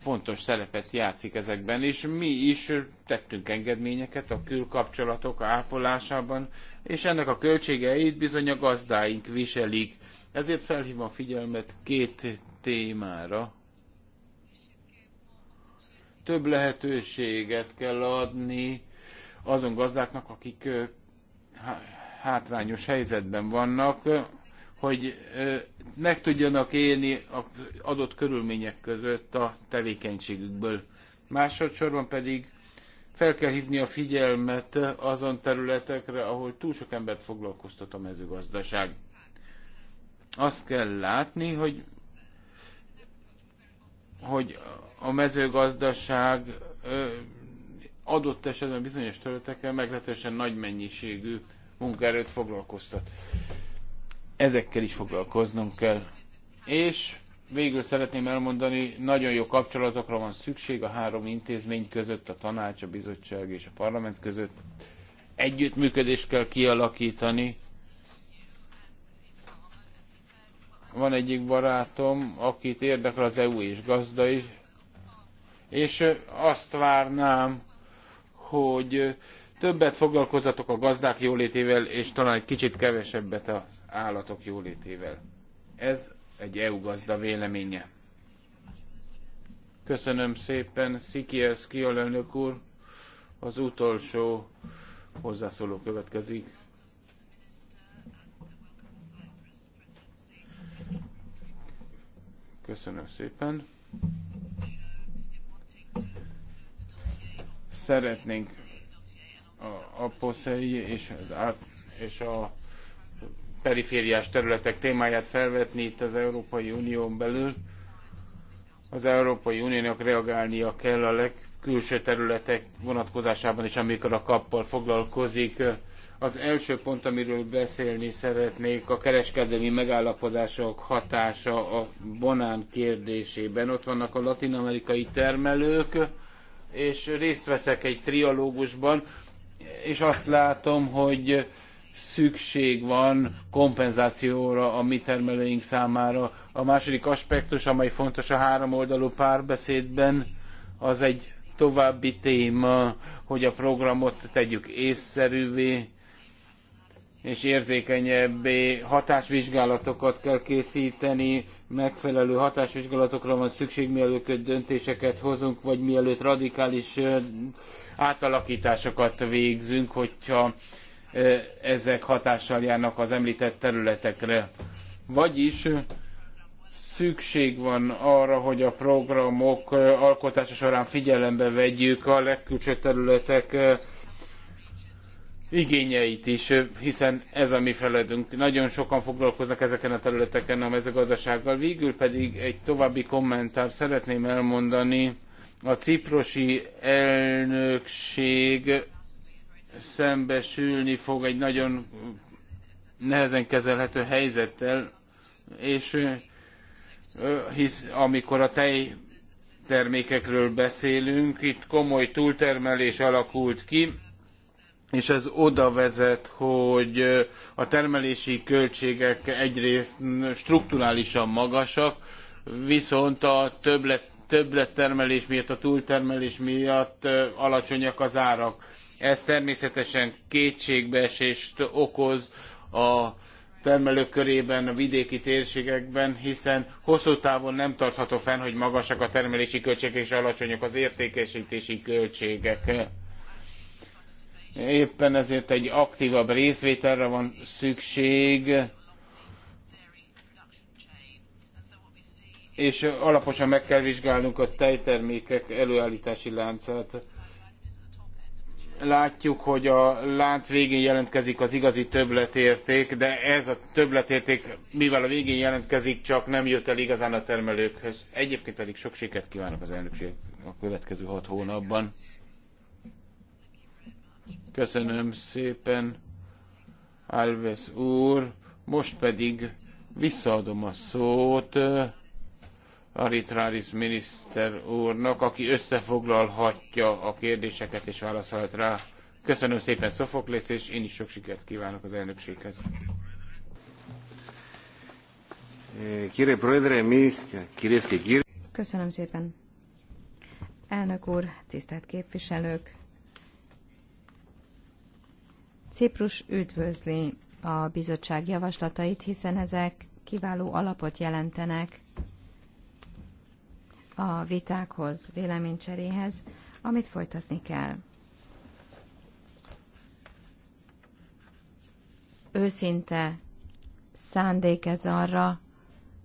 fontos szerepet játszik ezekben, és mi is tettünk engedményeket a külkapcsolatok ápolásában, és ennek a költségeit bizony a gazdáink viselik. Ezért felhívom a figyelmet két témára. Több lehetőséget kell adni azon gazdáknak, akik hátrányos helyzetben vannak, hogy meg tudjanak élni az adott körülmények között a tevékenységükből. Másodszorban pedig fel kell hívni a figyelmet azon területekre, ahol túl sok embert foglalkoztat a mezőgazdaság. Azt kell látni, hogy, hogy a mezőgazdaság adott esetben bizonyos területeken meglehetősen nagy mennyiségű munkaerőt foglalkoztat. Ezekkel is foglalkoznunk kell. És végül szeretném elmondani, nagyon jó kapcsolatokra van szükség a három intézmény között, a tanács, a bizottság és a parlament között. Együttműködést kell kialakítani, Van egyik barátom, akit érdekel az EU és gazda is, és azt várnám, hogy többet foglalkozatok a gazdák jólétével, és talán egy kicsit kevesebbet az állatok jólétével. Ez egy EU gazda véleménye. Köszönöm szépen, Szikiesz, a úr. Az utolsó hozzászóló következik. Köszönöm szépen. Szeretnénk a, a poszei és, és a perifériás területek témáját felvetni itt az Európai Unión belül. Az Európai Uniónak reagálnia kell a legkülső területek vonatkozásában is, amikor a kappal foglalkozik az első pont, amiről beszélni szeretnék, a kereskedelmi megállapodások hatása a banán kérdésében. Ott vannak a latinamerikai termelők, és részt veszek egy trialógusban, és azt látom, hogy szükség van kompenzációra a mi termelőink számára. A második aspektus, amely fontos a három oldalú párbeszédben, az egy további téma, hogy a programot tegyük észszerűvé, és érzékenyebb hatásvizsgálatokat kell készíteni, megfelelő hatásvizsgálatokra van szükség, mielőtt döntéseket hozunk, vagy mielőtt radikális átalakításokat végzünk, hogyha ezek hatással járnak az említett területekre. Vagyis szükség van arra, hogy a programok alkotása során figyelembe vegyük a legkülső területek igényeit is, hiszen ez a mi feladunk. Nagyon sokan foglalkoznak ezeken a területeken a mezőgazdasággal. Végül pedig egy további kommentár szeretném elmondani. A ciprosi elnökség szembesülni fog egy nagyon nehezen kezelhető helyzettel, és hisz amikor a tej termékekről beszélünk, itt komoly túltermelés alakult ki, és ez oda vezet, hogy a termelési költségek egyrészt strukturálisan magasak, viszont a többlet, többlettermelés miatt, a túltermelés miatt alacsonyak az árak. Ez természetesen kétségbeesést okoz a termelők körében, a vidéki térségekben, hiszen hosszú távon nem tartható fenn, hogy magasak a termelési költségek és alacsonyak az értékesítési költségek Éppen ezért egy aktívabb részvételre van szükség, és alaposan meg kell vizsgálnunk a tejtermékek előállítási láncát. Látjuk, hogy a lánc végén jelentkezik az igazi többletérték, de ez a többletérték, mivel a végén jelentkezik, csak nem jött el igazán a termelőkhöz. Egyébként pedig sok sikert kívánok az elnökség a következő hat hónapban. Köszönöm szépen, Alves úr. Most pedig visszaadom a szót Aritralis miniszter úrnak, aki összefoglalhatja a kérdéseket és válaszolhat rá. Köszönöm szépen, Szofoklész, és én is sok sikert kívánok az elnökséghez. Köszönöm szépen. Elnök úr, tisztelt képviselők! Ciprus üdvözli a bizottság javaslatait, hiszen ezek kiváló alapot jelentenek a vitákhoz, véleménycseréhez, amit folytatni kell. Őszinte szándék ez arra,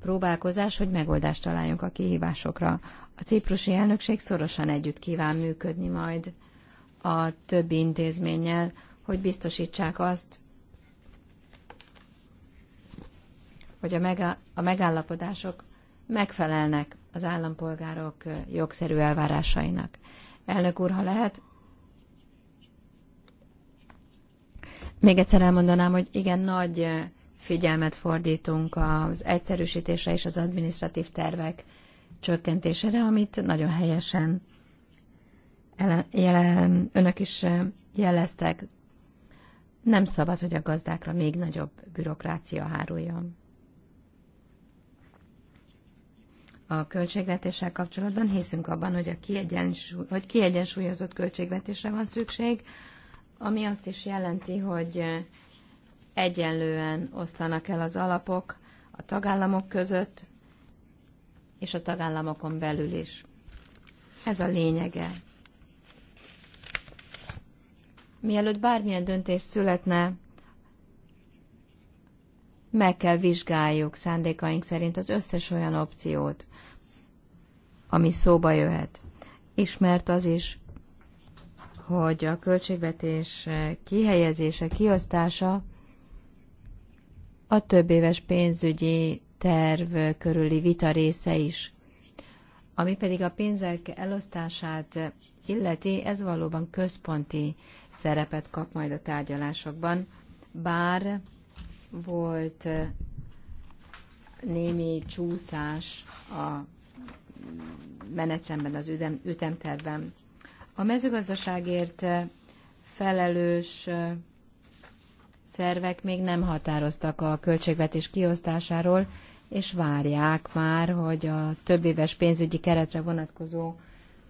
próbálkozás, hogy megoldást találjunk a kihívásokra. A ciprusi elnökség szorosan együtt kíván működni majd a többi intézménnyel, hogy biztosítsák azt, hogy a megállapodások megfelelnek az állampolgárok jogszerű elvárásainak. Elnök úr, ha lehet, még egyszer elmondanám, hogy igen, nagy figyelmet fordítunk az egyszerűsítésre és az administratív tervek csökkentésére, amit nagyon helyesen ele, jele, önök is jeleztek. Nem szabad, hogy a gazdákra még nagyobb bürokrácia háruljon. A költségvetéssel kapcsolatban hiszünk abban, hogy, a kiegyensúly, hogy kiegyensúlyozott költségvetésre van szükség, ami azt is jelenti, hogy egyenlően oszlanak el az alapok a tagállamok között, és a tagállamokon belül is. Ez a lényege mielőtt bármilyen döntés születne, meg kell vizsgáljuk szándékaink szerint az összes olyan opciót, ami szóba jöhet. Ismert az is, hogy a költségvetés kihelyezése, kiosztása a több éves pénzügyi terv körüli vita része is. Ami pedig a pénzek elosztását illeti, ez valóban központi szerepet kap majd a tárgyalásokban, bár volt némi csúszás a menetrendben, az ütem, ütemterben. A mezőgazdaságért felelős szervek még nem határoztak a költségvetés kiosztásáról, és várják már, hogy a többéves pénzügyi keretre vonatkozó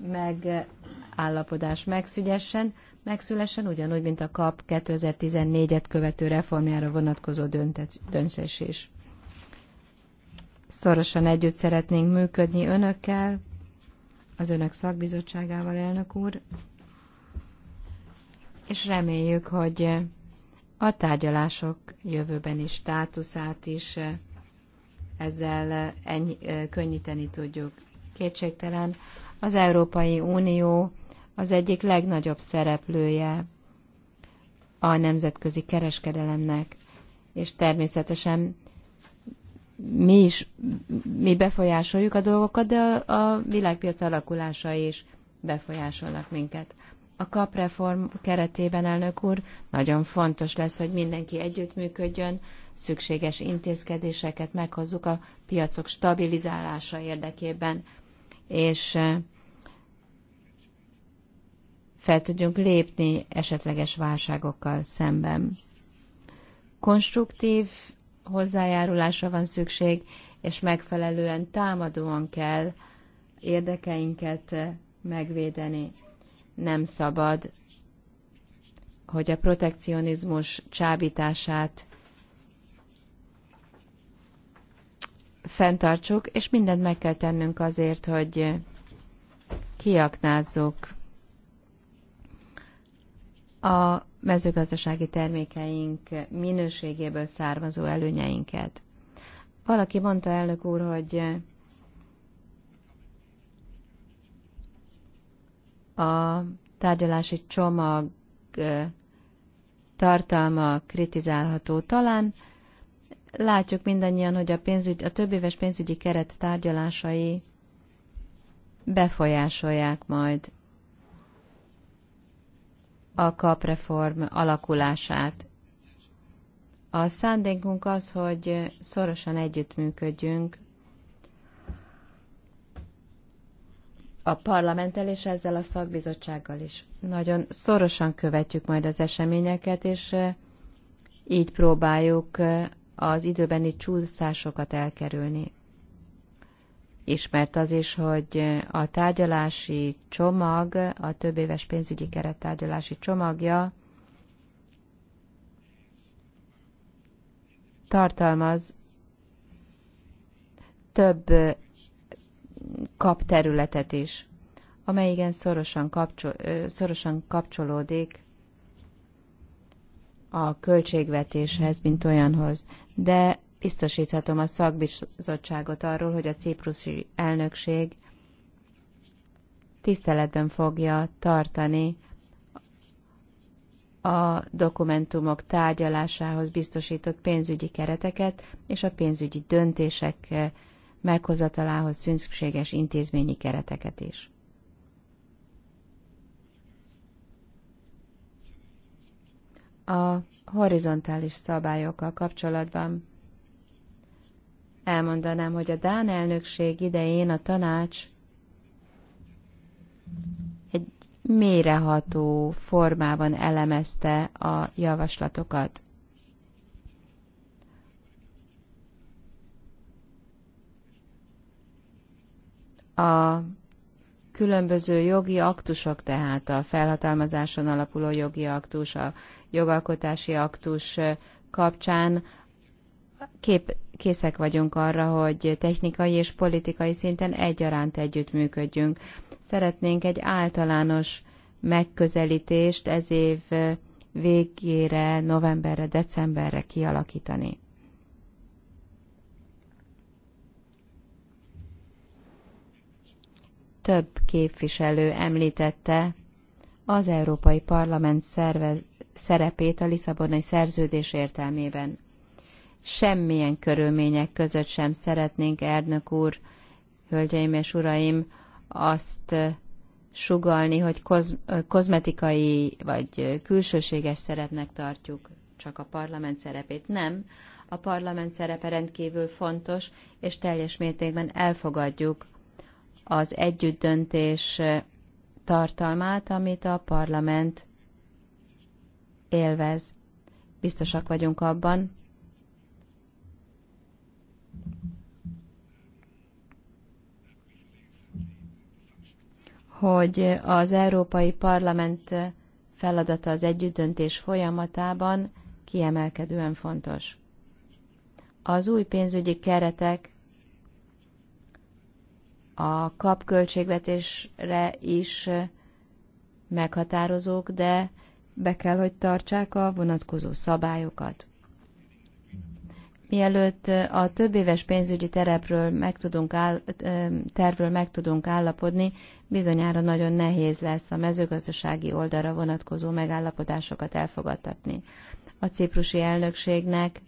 megállapodás megszügyessen, megszülessen, ugyanúgy, mint a KAP 2014-et követő reformjára vonatkozó döntés is. Szorosan együtt szeretnénk működni önökkel, az önök szakbizottságával, elnök úr, és reméljük, hogy a tárgyalások jövőbeni státuszát is ezzel ennyi, könnyíteni tudjuk. Kétségtelen az Európai Unió az egyik legnagyobb szereplője a nemzetközi kereskedelemnek, és természetesen mi is mi befolyásoljuk a dolgokat, de a, a világpiac alakulása is befolyásolnak minket. A kapreform keretében, elnök úr, nagyon fontos lesz, hogy mindenki együttműködjön, szükséges intézkedéseket meghozzuk a piacok stabilizálása érdekében és fel tudjunk lépni esetleges válságokkal szemben. Konstruktív hozzájárulásra van szükség, és megfelelően támadóan kell érdekeinket megvédeni. Nem szabad, hogy a protekcionizmus csábítását fenntartsuk, és mindent meg kell tennünk azért, hogy kiaknázzuk a mezőgazdasági termékeink minőségéből származó előnyeinket. Valaki mondta, elnök úr, hogy a tárgyalási csomag tartalma kritizálható. Talán Látjuk mindannyian, hogy a, pénzügy, a éves pénzügyi keret tárgyalásai befolyásolják majd a kapreform alakulását. A szándékunk az, hogy szorosan együttműködjünk a parlamenttel és ezzel a szakbizottsággal is. Nagyon szorosan követjük majd az eseményeket, és eh, így próbáljuk eh, az időbeni csúszásokat elkerülni. Ismert az is, hogy a tárgyalási csomag, a több éves pénzügyi keret tárgyalási csomagja tartalmaz több kapterületet is, amely igen szorosan, kapcsol, szorosan kapcsolódik a költségvetéshez, mint olyanhoz, de biztosíthatom a szakbizottságot arról, hogy a ciprusi elnökség tiszteletben fogja tartani a dokumentumok tárgyalásához biztosított pénzügyi kereteket és a pénzügyi döntések meghozatalához szükséges intézményi kereteket is. a horizontális szabályokkal kapcsolatban. Elmondanám, hogy a Dán elnökség idején a tanács egy méreható formában elemezte a javaslatokat. A Különböző jogi aktusok tehát, a felhatalmazáson alapuló jogi aktus, a jogalkotási aktus kapcsán kép, készek vagyunk arra, hogy technikai és politikai szinten egyaránt együttműködjünk. Szeretnénk egy általános megközelítést ez év végére, novemberre, decemberre kialakítani. több képviselő említette az Európai Parlament szervez, szerepét a Lisszaboni szerződés értelmében. Semmilyen körülmények között sem szeretnénk, Ernök úr, hölgyeim és uraim, azt sugalni, hogy koz, kozmetikai vagy külsőséges szerepnek tartjuk csak a parlament szerepét. Nem, a parlament szerepe rendkívül fontos, és teljes mértékben elfogadjuk az együttdöntés tartalmát, amit a parlament élvez. Biztosak vagyunk abban, hogy az Európai Parlament feladata az együttdöntés folyamatában kiemelkedően fontos. Az új pénzügyi keretek a kap költségvetésre is meghatározók, de be kell, hogy tartsák a vonatkozó szabályokat. Mielőtt a több éves pénzügyi terepről meg tudunk áll, tervről meg tudunk állapodni, bizonyára nagyon nehéz lesz a mezőgazdasági oldalra vonatkozó megállapodásokat elfogadtatni. A ciprusi elnökségnek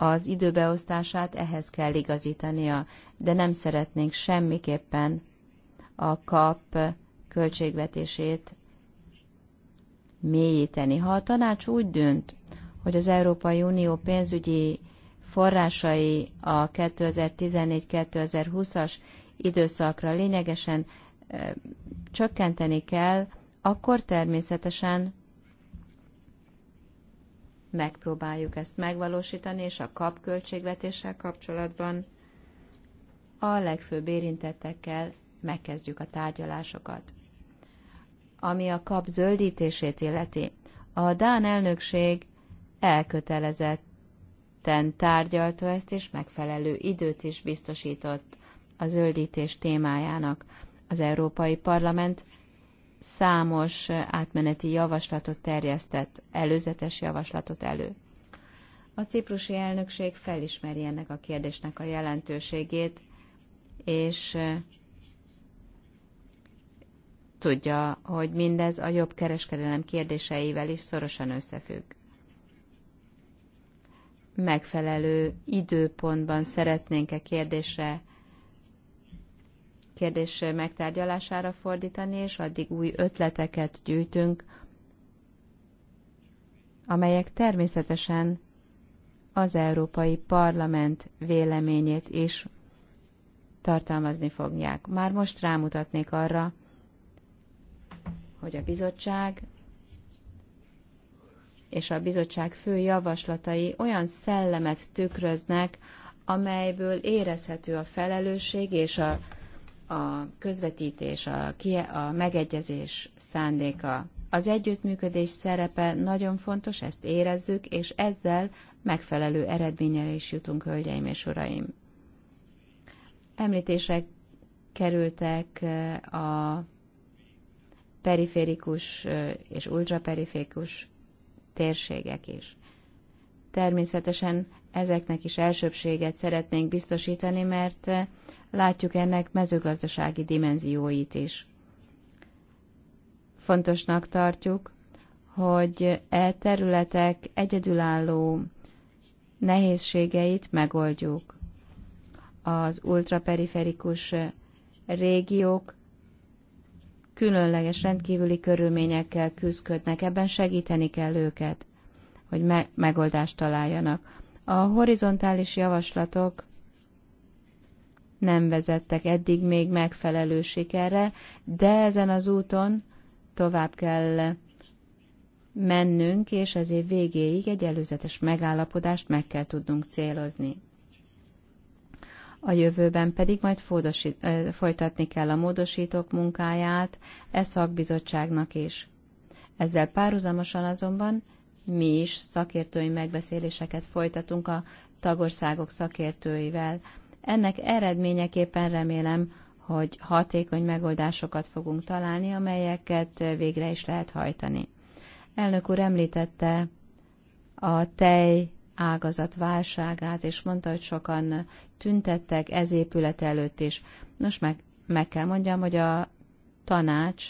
az időbeosztását ehhez kell igazítania, de nem szeretnénk semmiképpen a kap költségvetését mélyíteni. Ha a tanács úgy dönt, hogy az Európai Unió pénzügyi forrásai a 2014-2020-as időszakra lényegesen csökkenteni kell, akkor természetesen megpróbáljuk ezt megvalósítani, és a kapköltségvetéssel kapcsolatban a legfőbb érintettekkel megkezdjük a tárgyalásokat. Ami a kap zöldítését illeti, a Dán elnökség elkötelezetten tárgyalta ezt, és megfelelő időt is biztosított a zöldítés témájának. Az Európai Parlament számos átmeneti javaslatot terjesztett, előzetes javaslatot elő. A ciprusi elnökség felismeri ennek a kérdésnek a jelentőségét, és tudja, hogy mindez a jobb kereskedelem kérdéseivel is szorosan összefügg. Megfelelő időpontban szeretnénk-e kérdésre kérdés megtárgyalására fordítani, és addig új ötleteket gyűjtünk, amelyek természetesen az Európai Parlament véleményét is tartalmazni fogják. Már most rámutatnék arra, hogy a bizottság és a bizottság fő javaslatai olyan szellemet tükröznek, amelyből érezhető a felelősség és a a közvetítés, a, kie, a megegyezés szándéka. Az együttműködés szerepe nagyon fontos, ezt érezzük, és ezzel megfelelő eredményre is jutunk, hölgyeim és uraim. Említésre kerültek eh, a periférikus eh, és ultraperiférikus térségek is. Természetesen ezeknek is elsőbséget szeretnénk biztosítani, mert látjuk ennek mezőgazdasági dimenzióit is. Fontosnak tartjuk, hogy e területek egyedülálló nehézségeit megoldjuk. Az ultraperiferikus régiók különleges, rendkívüli körülményekkel küzdködnek, ebben segíteni kell őket hogy me- megoldást találjanak. A horizontális javaslatok nem vezettek eddig még megfelelő sikerre, de ezen az úton tovább kell mennünk, és ezért év végéig egy előzetes megállapodást meg kell tudnunk célozni. A jövőben pedig majd folytatni kell a módosítók munkáját, e szakbizottságnak is. Ezzel párhuzamosan azonban mi is szakértői megbeszéléseket folytatunk a tagországok szakértőivel. Ennek eredményeképpen remélem, hogy hatékony megoldásokat fogunk találni, amelyeket végre is lehet hajtani. Elnök úr említette a tej ágazat válságát, és mondta, hogy sokan tüntettek ez épület előtt is. Nos, meg, meg kell mondjam, hogy a tanács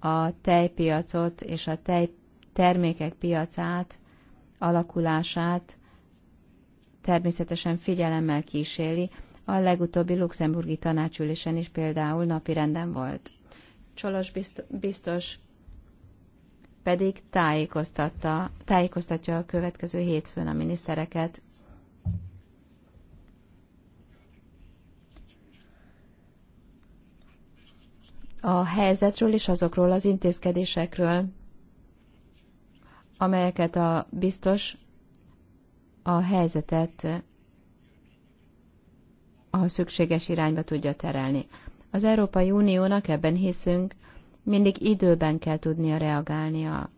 a tejpiacot és a tej termékek piacát, alakulását természetesen figyelemmel kíséri. A legutóbbi luxemburgi tanácsülésen is például napirenden volt. Csolos biztos pedig tájékoztatta, tájékoztatja a következő hétfőn a minisztereket. A helyzetről és azokról az intézkedésekről, amelyeket a biztos a helyzetet a szükséges irányba tudja terelni. Az Európai Uniónak ebben hiszünk, mindig időben kell tudnia reagálnia.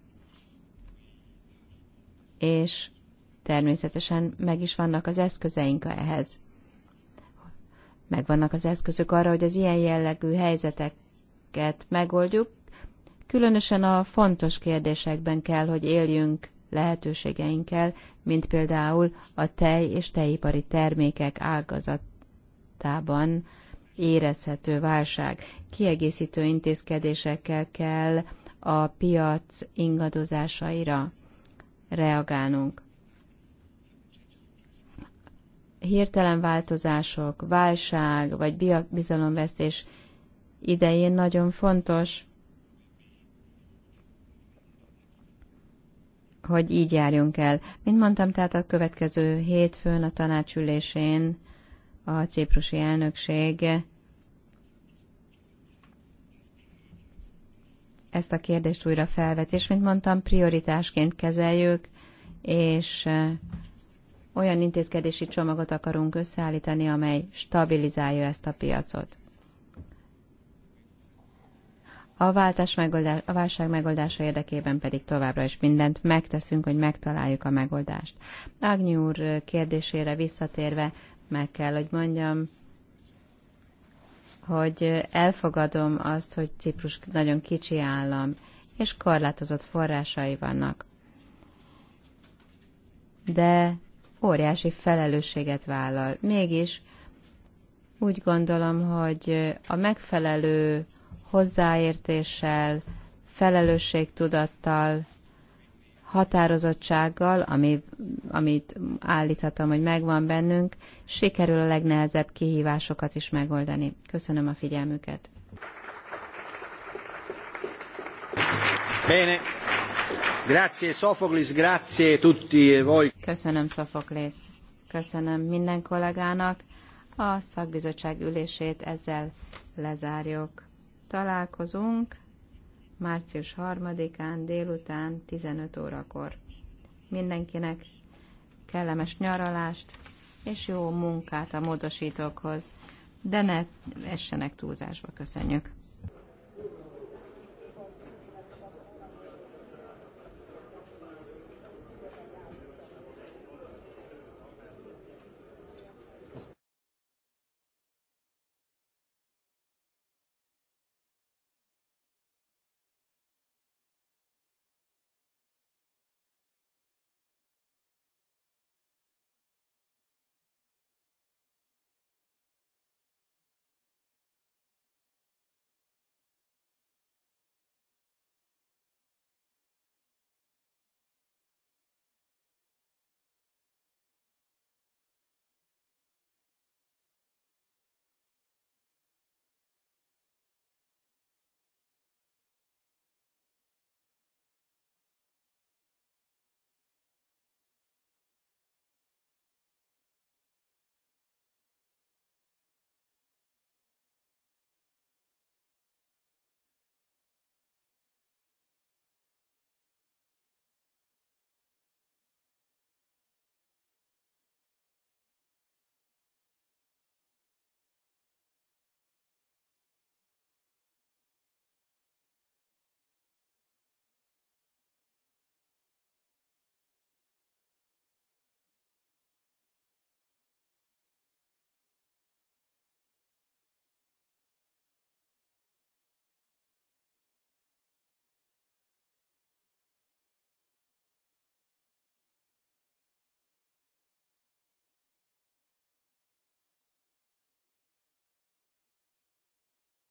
És természetesen meg is vannak az eszközeink ehhez. Megvannak az eszközök arra, hogy az ilyen jellegű helyzeteket megoldjuk, Különösen a fontos kérdésekben kell, hogy éljünk lehetőségeinkkel, mint például a tej és tejipari termékek ágazatában érezhető válság. Kiegészítő intézkedésekkel kell a piac ingadozásaira reagálnunk. Hirtelen változások, válság vagy bizalomvesztés idején nagyon fontos hogy így járjunk el. Mint mondtam, tehát a következő hétfőn a tanácsülésén a ciprusi elnökség ezt a kérdést újra felvet, és mint mondtam, prioritásként kezeljük, és olyan intézkedési csomagot akarunk összeállítani, amely stabilizálja ezt a piacot. A, váltás megoldás, a válság megoldása érdekében pedig továbbra is mindent megteszünk, hogy megtaláljuk a megoldást. Ágnyi úr kérdésére visszatérve meg kell, hogy mondjam, hogy elfogadom azt, hogy Ciprus nagyon kicsi állam, és korlátozott forrásai vannak. De óriási felelősséget vállal. Mégis úgy gondolom, hogy a megfelelő hozzáértéssel, felelősségtudattal, határozottsággal, ami, amit állíthatom, hogy megvan bennünk, sikerül a legnehezebb kihívásokat is megoldani. Köszönöm a figyelmüket. Bene. Grazie Sofoklis, grazie tutti voi. Köszönöm Sofoklis. Köszönöm minden kollégának. A szakbizottság ülését ezzel lezárjuk. Találkozunk március 3-án délután 15 órakor. Mindenkinek kellemes nyaralást és jó munkát a módosítókhoz, de ne essenek túlzásba. Köszönjük!